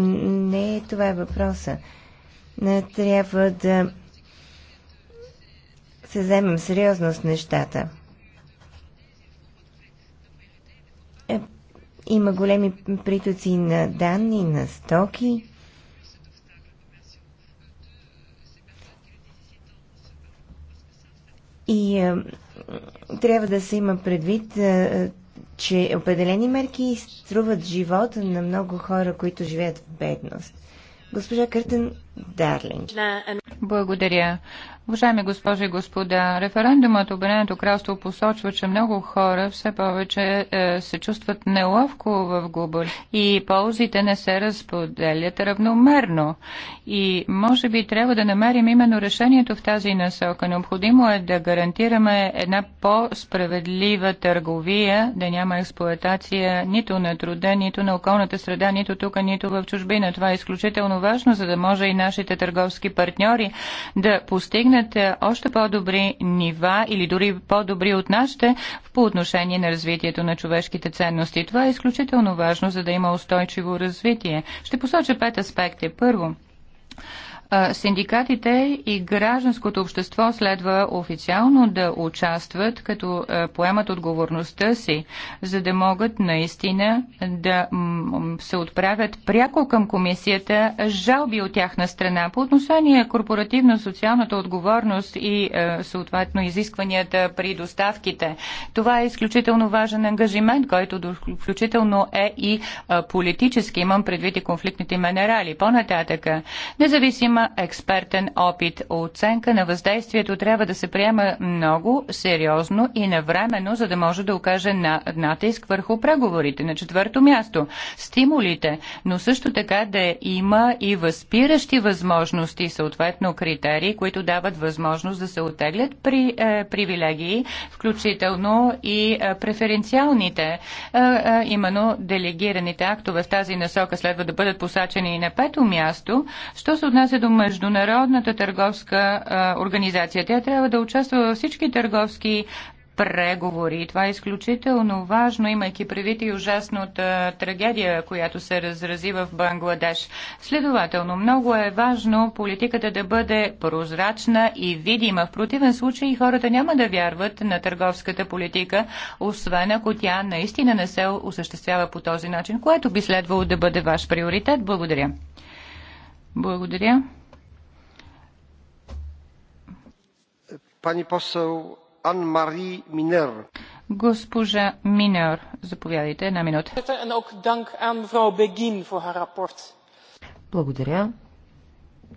не е това е въпроса. Трябва да се вземем сериозно с нещата. Е, има големи притоци на данни, на стоки. И а, е, трябва да се има предвид, а, е, че определени мерки струват живота на много хора, които живеят в бедност. Госпожа Къртен Дарлинг. Благодаря. Уважаеми госпожи и господа, референдумът Обединеното кралство посочва, че много хора все повече е, се чувстват неловко в Губър и ползите не се разподелят равномерно. И може би трябва да намерим именно решението в тази насока. Необходимо е да гарантираме една по-справедлива търговия, да няма експлоатация нито на труда, нито на околната среда, нито тук, нито в чужбина. Това е изключително важно, за да може и нашите търговски партньори да постигнат постигнат още по-добри нива или дори по-добри от нашите по отношение на развитието на човешките ценности. Това е изключително важно, за да има устойчиво развитие. Ще посоча пет аспекти. Първо, Синдикатите и гражданското общество следва официално да участват, като поемат отговорността си, за да могат наистина да се отправят пряко към комисията жалби от тяхна страна по отношение корпоративно-социалната отговорност и съответно изискванията при доставките. Това е изключително важен ангажимент, който включително е и политически. Имам предвид и конфликтните минерали. По-нататъка, независима експертен опит. Оценка на въздействието трябва да се приема много сериозно и навременно, за да може да окаже на натиск върху преговорите. На четвърто място стимулите, но също така да има и възпиращи възможности, съответно критерии, които дават възможност да се отеглят при е, привилегии, включително и е, преференциалните, е, е, именно делегираните актове в тази насока следва да бъдат посачени и на пето място. Що се отнася до Международната търговска а, организация. Тя трябва да участва във всички търговски преговори. Това е изключително важно, имайки предвид и ужасната трагедия, която се разрази в Бангладеш. Следователно, много е важно политиката да бъде прозрачна и видима. В противен случай хората няма да вярват на търговската политика, освен ако тя наистина не се осъществява по този начин, което би следвало да бъде ваш приоритет. Благодаря. Благодаря. Пани poseł Ан Мари Минер. Госпожа Минер, заповядайте една минута. Благодаря.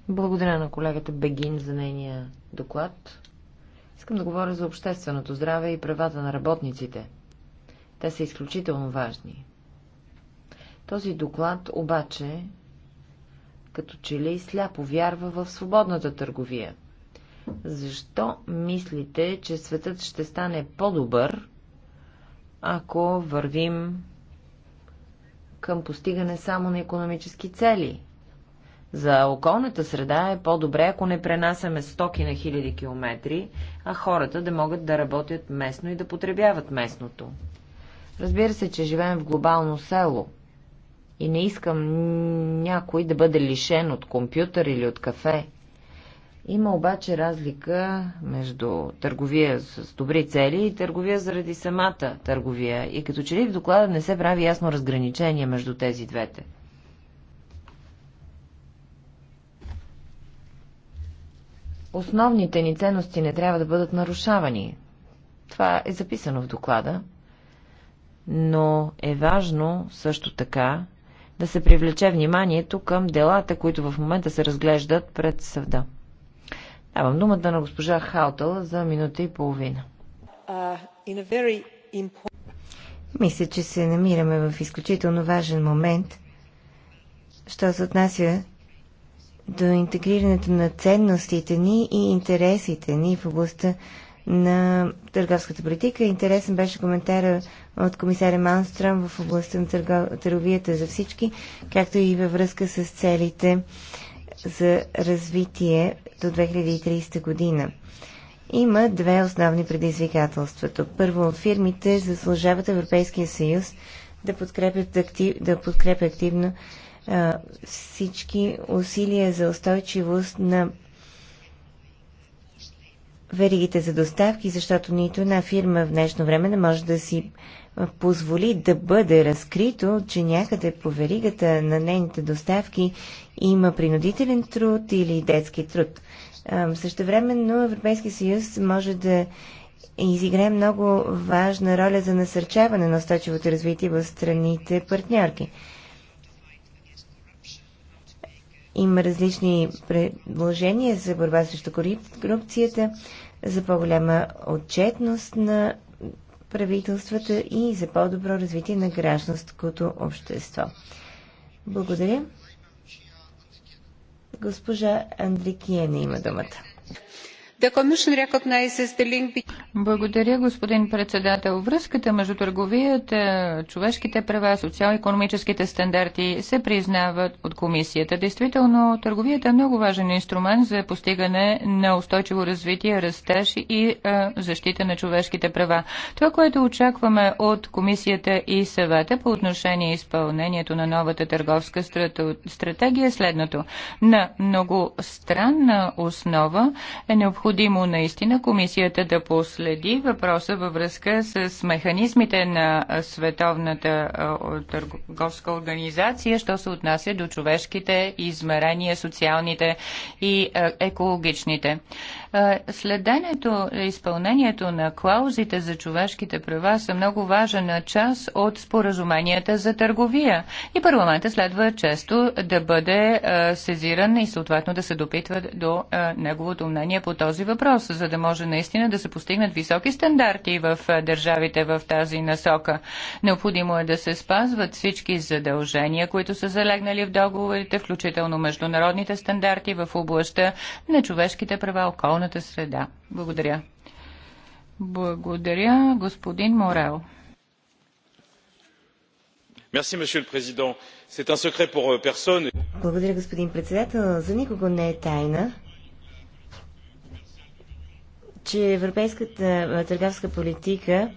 Благодаря на колегата Бегин за нейния доклад. Искам да говоря за общественото здраве и правата на работниците. Те са изключително важни. Този доклад обаче като че ли сляпо вярва в свободната търговия – защо мислите, че светът ще стане по-добър, ако вървим към постигане само на економически цели? За околната среда е по-добре, ако не пренасяме стоки на хиляди километри, а хората да могат да работят местно и да потребяват местното. Разбира се, че живеем в глобално село. И не искам някой да бъде лишен от компютър или от кафе. Има обаче разлика между търговия с добри цели и търговия заради самата търговия. И като че ли в доклада не се прави ясно разграничение между тези двете. Основните ни ценности не трябва да бъдат нарушавани. Това е записано в доклада. Но е важно също така да се привлече вниманието към делата, които в момента се разглеждат пред съвда. Давам думата на госпожа Хаутъл за минута и половина. Uh, Мисля, че се намираме в изключително важен момент, що се отнася до интегрирането на ценностите ни и интересите ни в областта на търговската политика. Интересен беше коментара от комисаря Манстрам в областта на търговията за всички, както и във връзка с целите за развитие до 2030 година. Има две основни предизвикателства. Първо, фирмите заслужават Европейския съюз да подкрепят актив, да подкрепят активно а, всички усилия за устойчивост на веригите за доставки, защото нито една фирма в днешно време не може да си позволи да бъде разкрито, че някъде по веригата на нейните доставки има принудителен труд или детски труд. Също времено Европейския съюз може да изиграе много важна роля за насърчаване на устойчивото развитие в страните партньорки. Има различни предложения за борба срещу корупцията, за по-голяма отчетност на правителствата и за по-добро развитие на гражданското общество. Благодаря. Госпожа Андрикиена има думата. Благодаря, господин председател. Връзката между търговията, човешките права, социално-економическите стандарти се признават от комисията. Действително, търговията е много важен инструмент за постигане на устойчиво развитие, растеж и защита на човешките права. Това, което очакваме от комисията и съвета по отношение изпълнението на новата търговска стратегия е следното. На многостранна основа е необходимо необходимо наистина комисията да последи въпроса във връзка с механизмите на Световната търговска организация, що се отнася до човешките измерения, социалните и екологичните. Следенето, изпълнението на клаузите за човешките права са много важен част от споразуменията за търговия. И парламента следва често да бъде сезиран и съответно да се допитва до неговото мнение по този въпрос, за да може наистина да се постигнат високи стандарти в държавите в тази насока. Необходимо е да се спазват всички задължения, които са залегнали в договорите, включително международните стандарти в областта на човешките права, околната околната среда. Благодаря. Благодаря, господин Морел. Euh, Благодаря, господин председател. За никого не е тайна, че европейската търговска политика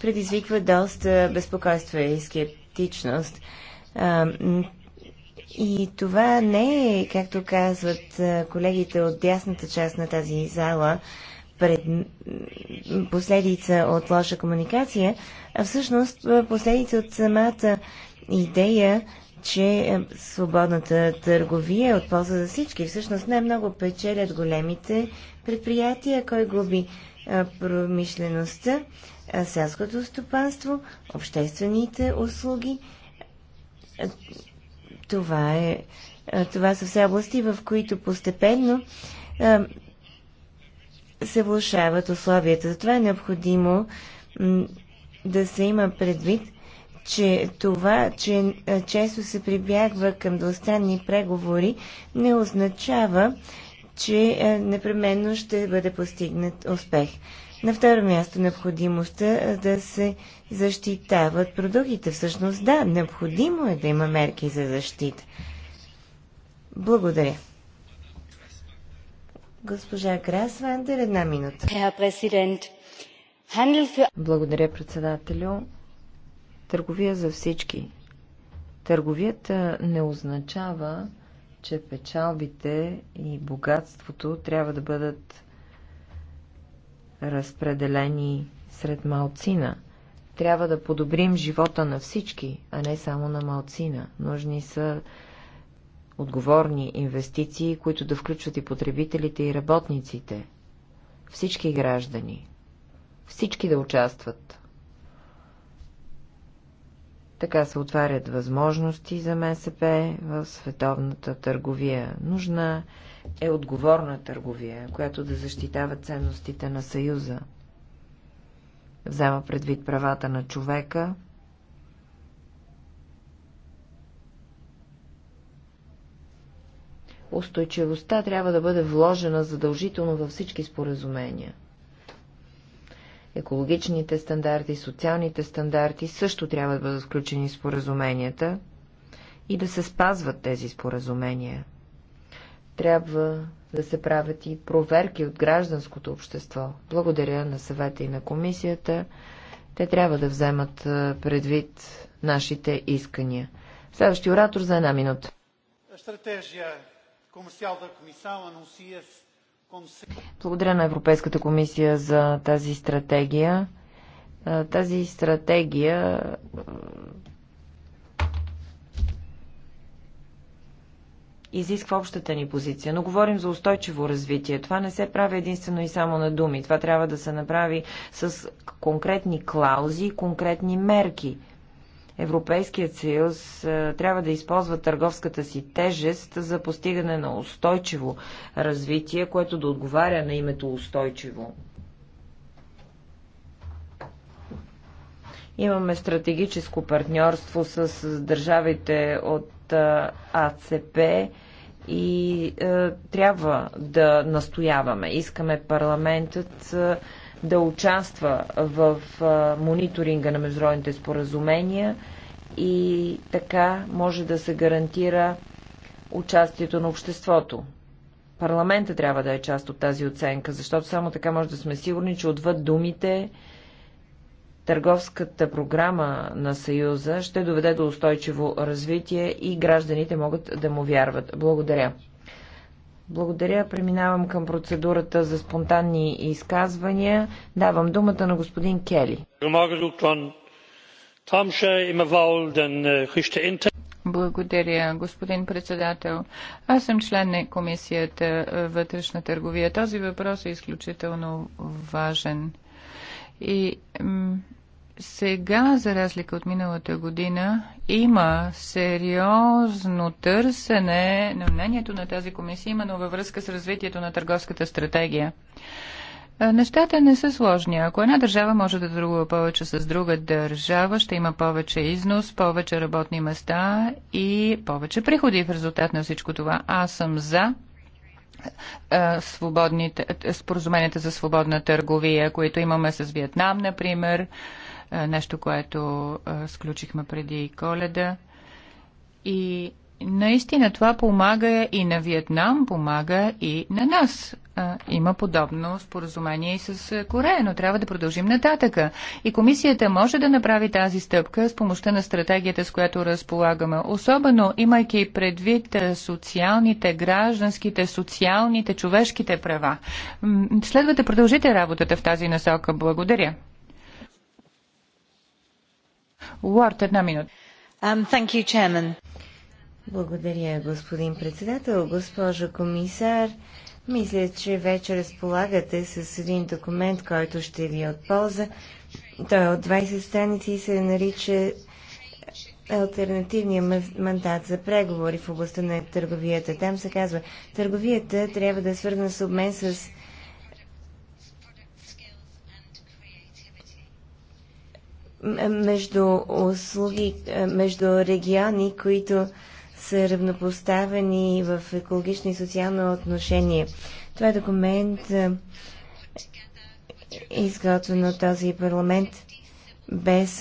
предизвиква доста безпокойство и скептичност. И това не е, както казват колегите от дясната част на тази зала, пред... последица от лоша комуникация, а всъщност последица от самата идея, че свободната търговия е от полза за всички. Всъщност най-много печелят големите предприятия, кой губи промишлеността, селското стопанство, обществените услуги, това, е, това са все области, в които постепенно се влушават условията. Затова е необходимо да се има предвид, че това, че често се прибягва към двустранни преговори, не означава, че непременно ще бъде постигнат успех. На второ място, необходимостта да се защитават продуктите. Всъщност, да, необходимо е да има мерки за защита. Благодаря. Госпожа Красвандер, една минута. Благодаря, председателю. Търговия за всички. Търговията не означава, че печалбите и богатството трябва да бъдат разпределени сред малцина. Трябва да подобрим живота на всички, а не само на малцина. Нужни са отговорни инвестиции, които да включват и потребителите и работниците. Всички граждани. Всички да участват. Така се отварят възможности за МСП в световната търговия. Нужна е отговорна търговия, която да защитава ценностите на Съюза. Взема предвид правата на човека, устойчивостта трябва да бъде вложена задължително във всички споразумения. Екологичните стандарти, социалните стандарти също трябва да бъдат включени в споразуменията и да се спазват тези споразумения – трябва да се правят и проверки от гражданското общество. Благодаря на съвета и на комисията. Те трябва да вземат предвид нашите искания. Следващи оратор за една минута. Благодаря на Европейската комисия за тази стратегия. Тази стратегия изисква общата ни позиция. Но говорим за устойчиво развитие. Това не се прави единствено и само на думи. Това трябва да се направи с конкретни клаузи, конкретни мерки. Европейският съюз е, трябва да използва търговската си тежест за постигане на устойчиво развитие, което да отговаря на името устойчиво. Имаме стратегическо партньорство с държавите от е, АЦП и е, трябва да настояваме. Искаме парламентът е, да участва в е, мониторинга на международните споразумения и така може да се гарантира участието на обществото. Парламента трябва да е част от тази оценка, защото само така може да сме сигурни, че отвъд думите Търговската програма на Съюза ще доведе до устойчиво развитие и гражданите могат да му вярват. Благодаря. Благодаря. Преминавам към процедурата за спонтанни изказвания. Давам думата на господин Кели. Благодаря, господин председател. Аз съм член на комисията вътрешна търговия. Този въпрос е изключително важен. И сега, за разлика от миналата година, има сериозно търсене на мнението на тази комисия, именно във връзка с развитието на търговската стратегия. Е, нещата не са сложни. Ако една държава може да търгува повече с друга държава, ще има повече износ, повече работни места и повече приходи в резултат на всичко това. Аз съм за е, свободните, е, споразуменията за свободна търговия, които имаме с Виетнам, например, е, нещо, което сключихме преди коледа. И наистина това помага и на Виетнам, помага и на нас има подобно споразумение и с Корея, но трябва да продължим нататъка. И комисията може да направи тази стъпка с помощта на стратегията, с която разполагаме, особено имайки предвид социалните, гражданските, социалните, човешките права. Следва да продължите работата в тази насока. Благодаря. Уорд, една минута. Um, thank you, chairman. Благодаря, господин председател, госпожо комисар. Мисля, че вече разполагате с един документ, който ще ви е от полза. Той е от 20 страници и се нарича Альтернативния мандат за преговори в областта на търговията. Там се казва, търговията трябва да е свързана с обмен с между услуги, между региони, които са равнопоставени в екологично и социално отношение. Това е документ, изготвен от този парламент, без,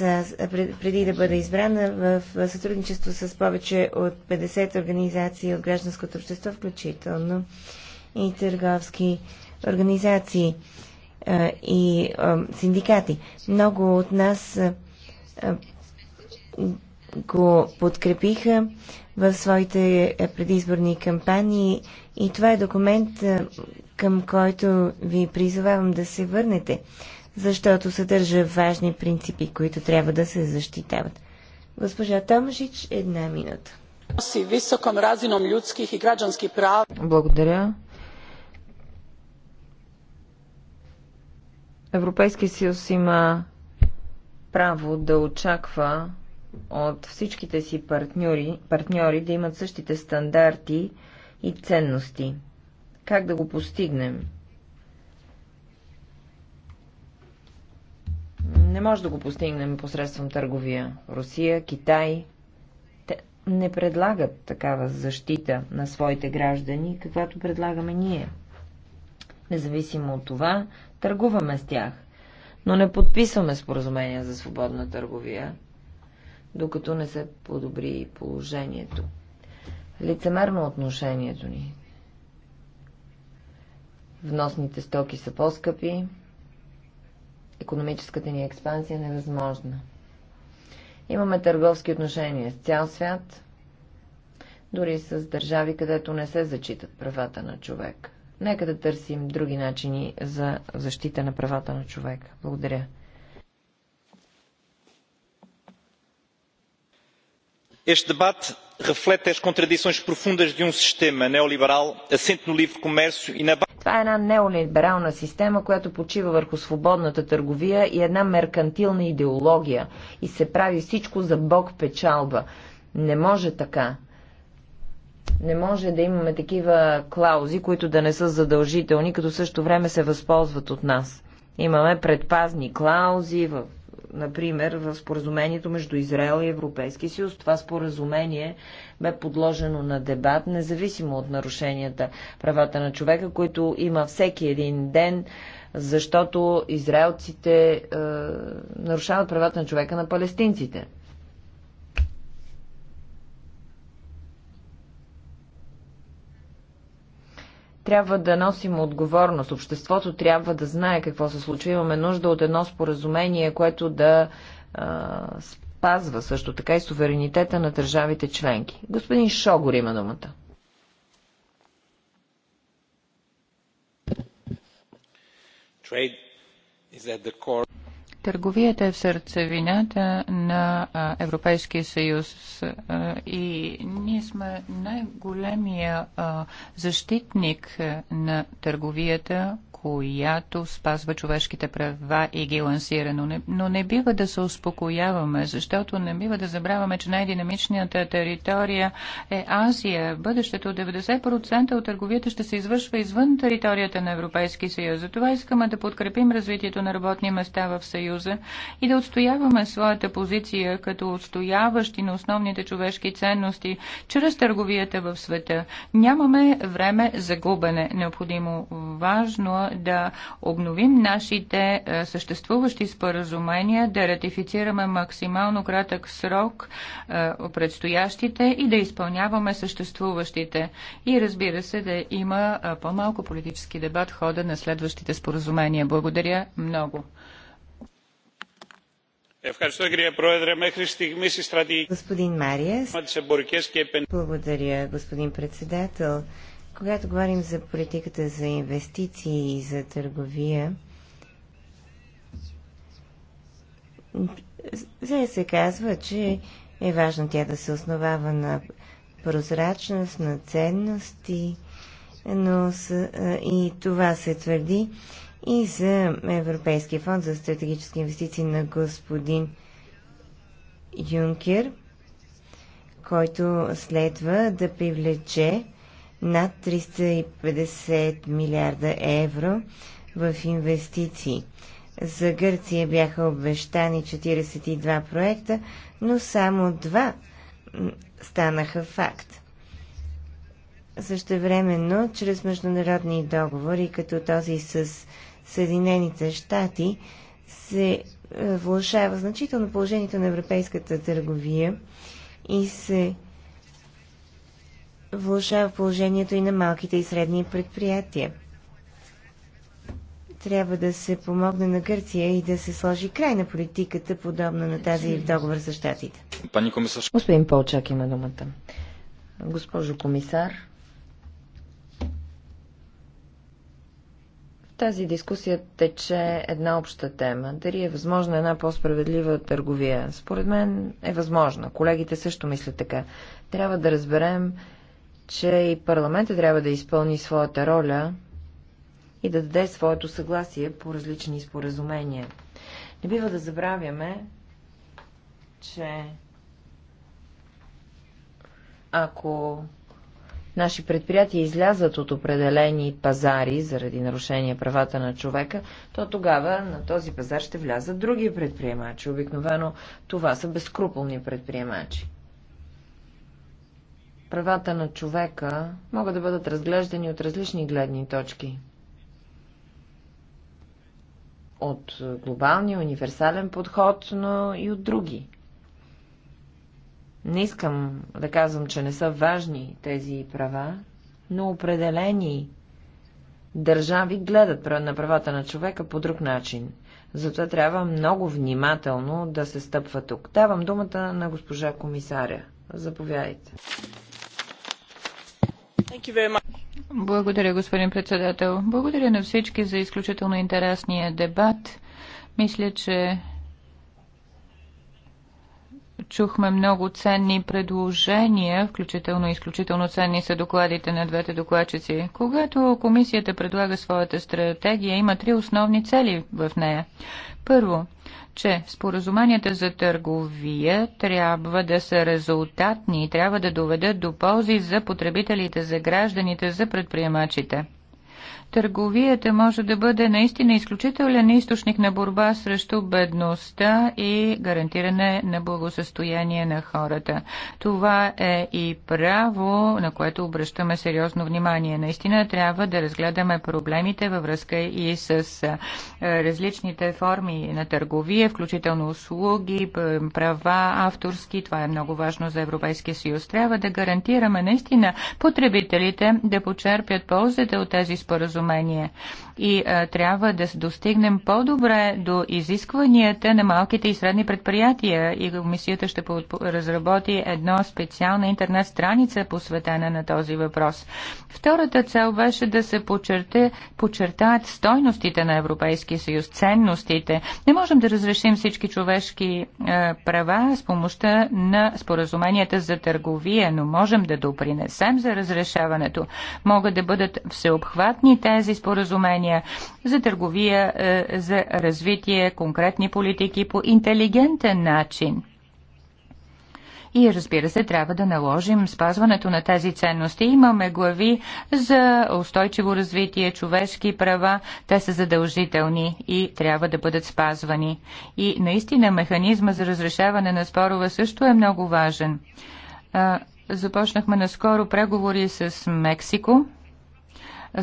преди да бъде избрана в сътрудничество с повече от 50 организации от гражданското общество, включително и търговски организации и синдикати. Много от нас го подкрепиха в своите е, предизборни кампании и това е документ, е, към който ви призовавам да се върнете, защото съдържа важни принципи, които трябва да се защитават. Госпожа Томашич, една минута. Благодаря. Европейския съюз има право да очаква от всичките си партньори, партньори да имат същите стандарти и ценности. Как да го постигнем? Не може да го постигнем посредством търговия. Русия, Китай те не предлагат такава защита на своите граждани, каквато предлагаме ние. Независимо от това, търгуваме с тях, но не подписваме споразумения за свободна търговия докато не се подобри положението. Лицемерно отношението ни. Вносните стоки са по-скъпи, економическата ни експансия е невъзможна. Имаме търговски отношения с цял свят, дори с държави, където не се зачитат правата на човек. Нека да търсим други начини за защита на правата на човек. Благодаря. este debate reflete as contradições profundas de um sistema neoliberal assente no livre comércio e na Това е една неолиберална система, която почива върху свободната търговия и една меркантилна идеология и се прави всичко за бог печалба. Не може така. Не може да имаме такива клаузи, които да не са задължителни, като също време се възползват от нас. Имаме предпазни клаузи в например, в споразумението между Израел и Европейския съюз. Това споразумение бе подложено на дебат, независимо от нарушенията правата на човека, които има всеки един ден, защото израелците е, нарушават правата на човека на палестинците. трябва да носим отговорност. Обществото трябва да знае какво се случва. Имаме нужда от едно споразумение, което да а, спазва също така и суверенитета на държавите членки. Господин Шогор има думата. Trade is at the core. Търговията е в сърцевината на Европейския съюз и ние сме най-големия защитник на търговията, която спазва човешките права и ги лансира. Но не, но не бива да се успокояваме, защото не бива да забравяме, че най-динамичната територия е Азия. Бъдещето 90% от търговията ще се извършва извън територията на Европейски съюз. Затова искаме да подкрепим развитието на работни места в Съюза и да отстояваме своята позиция като отстояващи на основните човешки ценности чрез търговията в света. Нямаме време за губене. Необходимо важно е да обновим нашите е, съществуващи споразумения, да ратифицираме максимално кратък срок е, предстоящите и да изпълняваме съществуващите. И разбира се, да има е, по-малко политически дебат в хода на следващите споразумения. Благодаря много. Господин Мариес. Благодаря, господин председател. Когато говорим за политиката за инвестиции и за търговия, за се казва, че е важно тя да се основава на прозрачност, на ценности, но с, и това се твърди и за Европейския фонд за стратегически инвестиции на господин Юнкер, който следва да привлече над 350 милиарда евро в инвестиции. За Гърция бяха обещани 42 проекта, но само два станаха факт. Същевременно, чрез международни договори, като този с Съединените щати, се е, влушава значително положението на европейската търговия и се влушава положението и на малките и средни предприятия. Трябва да се помогне на Гърция и да се сложи край на политиката, подобна на тази в договор за щатите. Господин Полчак има думата. Госпожо комисар, в тази дискусия тече една обща тема. Дали е възможна една по-справедлива търговия? Според мен е възможна. Колегите също мислят така. Трябва да разберем че и парламента трябва да изпълни своята роля и да даде своето съгласие по различни споразумения. Не бива да забравяме, че ако наши предприятия излязат от определени пазари заради нарушение правата на човека, то тогава на този пазар ще влязат други предприемачи. Обикновено това са безкруполни предприемачи правата на човека могат да бъдат разглеждани от различни гледни точки. От глобалния универсален подход, но и от други. Не искам да казвам, че не са важни тези права, но определени държави гледат на правата на човека по друг начин. Затова трябва много внимателно да се стъпва тук. Давам думата на госпожа комисаря. Заповядайте. Благодаря, господин председател. Благодаря на всички за изключително интересния дебат. Мисля, че чухме много ценни предложения, включително изключително ценни са докладите на двете докладчици. Когато комисията предлага своята стратегия, има три основни цели в нея. Първо, че споразуменията за търговия трябва да са резултатни и трябва да доведат до ползи за потребителите, за гражданите, за предприемачите търговията може да бъде наистина изключителен източник на борба срещу бедността и гарантиране на благосъстояние на хората. Това е и право, на което обръщаме сериозно внимание. Наистина трябва да разгледаме проблемите във връзка и с различните форми на търговия, включително услуги, права, авторски. Това е много важно за Европейския съюз. Трябва да гарантираме наистина потребителите да почерпят ползата от тези споразумения споразумение и а, е, трябва да достигнем по-добре до изискванията на малките и средни предприятия и комисията ще разработи едно специална интернет страница посветена на този въпрос. Втората цел беше да се почерте, почертаят стойностите на Европейския съюз, ценностите. Не можем да разрешим всички човешки а, е, права с помощта на споразуменията за търговия, но можем да допринесем за разрешаването. Могат да бъдат всеобхватни тези споразумения споразумения за търговия, е, за развитие, конкретни политики по интелигентен начин. И разбира се, трябва да наложим спазването на тези ценности. Имаме глави за устойчиво развитие, човешки права. Те са задължителни и трябва да бъдат спазвани. И наистина механизма за разрешаване на спорове също е много важен. Започнахме наскоро преговори с Мексико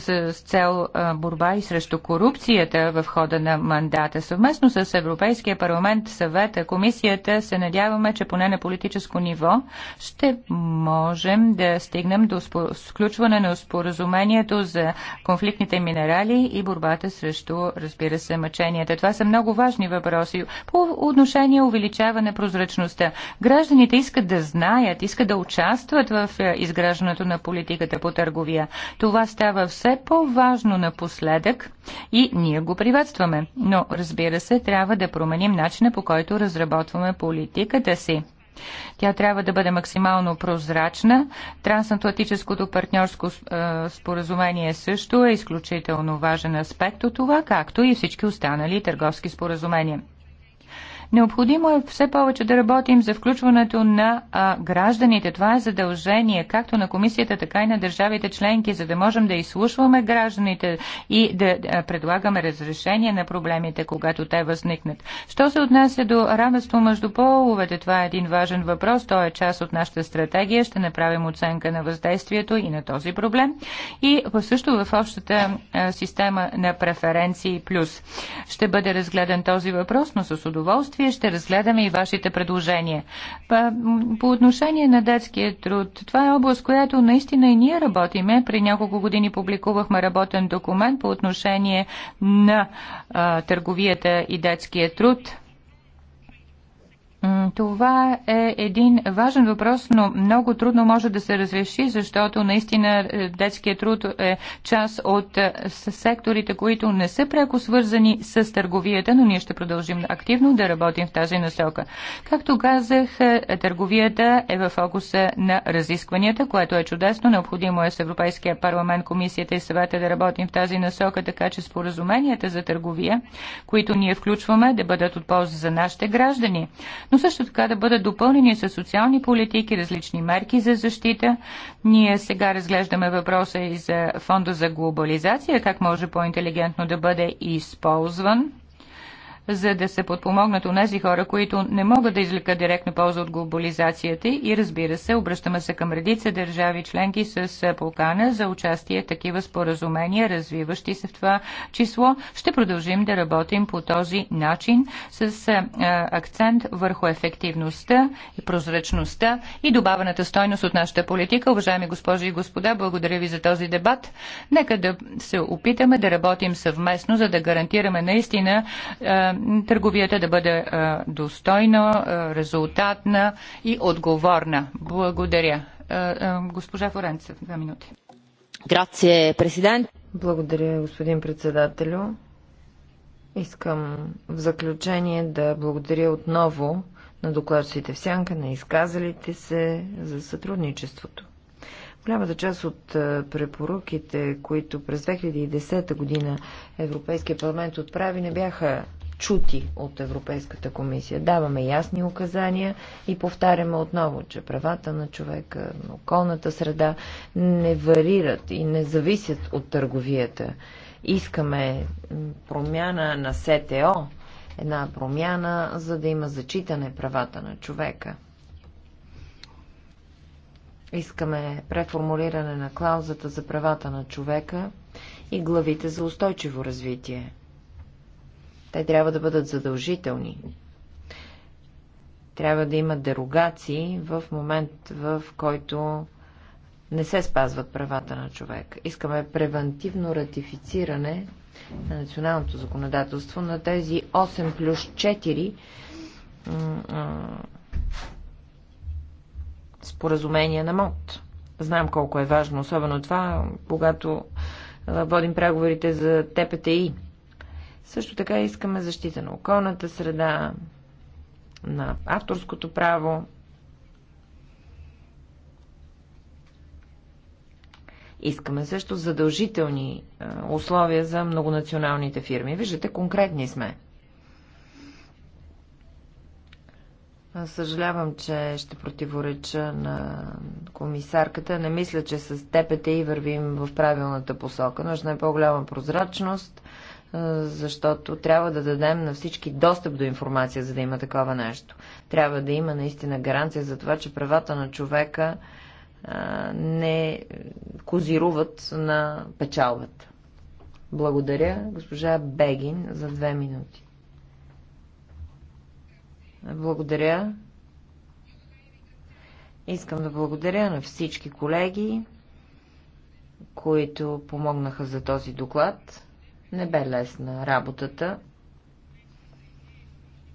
с, цел борба и срещу корупцията в хода на мандата. Съвместно с Европейския парламент, съвета, комисията се надяваме, че поне на политическо ниво ще можем да стигнем до сключване на споразумението за конфликтните минерали и борбата срещу, разбира се, мъченията. Това са много важни въпроси. По отношение увеличаване прозрачността. Гражданите искат да знаят, искат да участват в изграждането на политиката по търговия. Това става в все по-важно напоследък и ние го приветстваме. Но, разбира се, трябва да променим начина по който разработваме политиката си. Тя трябва да бъде максимално прозрачна. Трансатлантическото партньорско е, споразумение също е изключително важен аспект от това, както и всички останали търговски споразумения. Необходимо е все повече да работим за включването на а, гражданите. Това е задължение както на комисията, така и на държавите членки, за да можем да изслушваме гражданите и да а, предлагаме разрешение на проблемите, когато те възникнат. Що се отнася до равенство между половете, това е един важен въпрос. Той е част от нашата стратегия. Ще направим оценка на въздействието и на този проблем. И също в общата а, система на преференции плюс. Ще бъде разгледан този въпрос, но с удоволствие последствие ще разгледаме и вашите предложения. По отношение на детския труд, това е област, която наистина и ние работиме. При няколко години публикувахме работен документ по отношение на а, търговията и детския труд това е един важен въпрос, но много трудно може да се разреши, защото наистина е, детският труд е част от е, секторите, които не са пряко свързани с търговията, но ние ще продължим активно да работим в тази насока. Както казах, е, търговията е в фокуса на разискванията, което е чудесно. Необходимо е с Европейския парламент, комисията и съвета да работим в тази насока, така че споразуменията за търговия, които ние включваме, да бъдат от полза за нашите граждани но също така да бъдат допълнени с социални политики, различни мерки за защита. Ние сега разглеждаме въпроса и за фонда за глобализация, как може по-интелигентно да бъде използван за да се подпомогнат онези хора, които не могат да извлекат директна полза от глобализацията и разбира се, обръщаме се към редица държави членки с покана за участие в такива споразумения, развиващи се в това число. Ще продължим да работим по този начин с акцент върху ефективността и прозрачността и добавената стойност от нашата политика. Уважаеми госпожи и господа, благодаря ви за този дебат. Нека да се опитаме да работим съвместно, за да гарантираме наистина търговията да бъде достойна, резултатна и отговорна. Благодаря. Госпожа Форенцев, два минути. Грация, президент. Благодаря, господин председателю. Искам в заключение да благодаря отново на докладчиците в сянка, на изказалите се за сътрудничеството. Голямата част от препоръките, които през 2010 година Европейския парламент отправи, не бяха чути от Европейската комисия. Даваме ясни указания и повтаряме отново, че правата на човека, на околната среда не варират и не зависят от търговията. Искаме промяна на СТО, една промяна, за да има зачитане правата на човека. Искаме преформулиране на клаузата за правата на човека и главите за устойчиво развитие. Те трябва да бъдат задължителни. Трябва да има дерогации в момент, в който не се спазват правата на човек. Искаме превентивно ратифициране на националното законодателство на тези 8 плюс 4 споразумения на МОД. Знам колко е важно, особено това, когато водим преговорите за ТПТИ. Също така искаме защита на околната среда, на авторското право. Искаме също задължителни условия за многонационалните фирми. Виждате, конкретни сме. Съжалявам, че ще противореча на комисарката. Не мисля, че с ТПТ и вървим в правилната посока. Нужна е по-голяма прозрачност защото трябва да дадем на всички достъп до информация, за да има такова нещо. Трябва да има наистина гаранция за това, че правата на човека не козируват на печалбата. Благодаря, госпожа Бегин, за две минути. Благодаря. Искам да благодаря на всички колеги, които помогнаха за този доклад. Не бе лесна работата.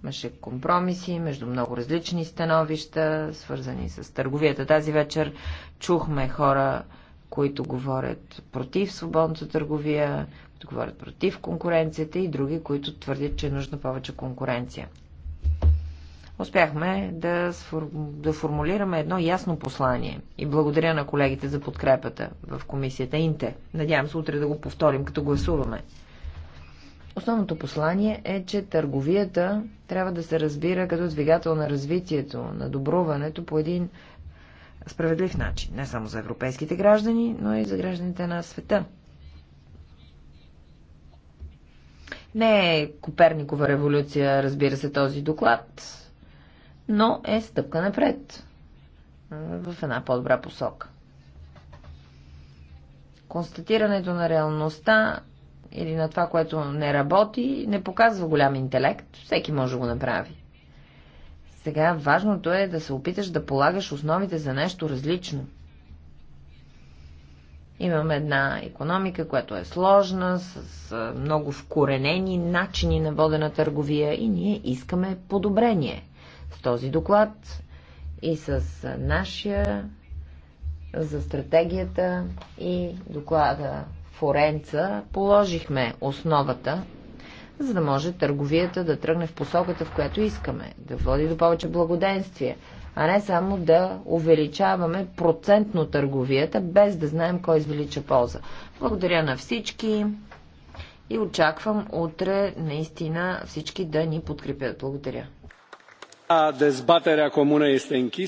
Имаше компромиси между много различни становища, свързани с търговията. Тази вечер чухме хора, които говорят против свободната търговия, които говорят против конкуренцията и други, които твърдят, че е нужна повече конкуренция. Успяхме да, сфор... да формулираме едно ясно послание и благодаря на колегите за подкрепата в комисията Инте. Надявам се утре да го повторим, като гласуваме. Основното послание е, че търговията трябва да се разбира като двигател на развитието, на добруването по един справедлив начин, не само за европейските граждани, но и за гражданите на света. Не е Коперникова революция, разбира се, този доклад, но е стъпка напред в една по-добра посока. Констатирането на реалността или на това, което не работи, не показва голям интелект. Всеки може да го направи. Сега важното е да се опиташ да полагаш основите за нещо различно. Имаме една економика, която е сложна, с много вкоренени начини на водена търговия и ние искаме подобрение. С този доклад и с нашия за стратегията и доклада Форенца положихме основата, за да може търговията да тръгне в посоката, в която искаме, да води до повече благоденствие, а не само да увеличаваме процентно търговията, без да знаем кой извелича полза. Благодаря на всички и очаквам утре наистина всички да ни подкрепят. Благодаря. Dezbaterea comună este închisă.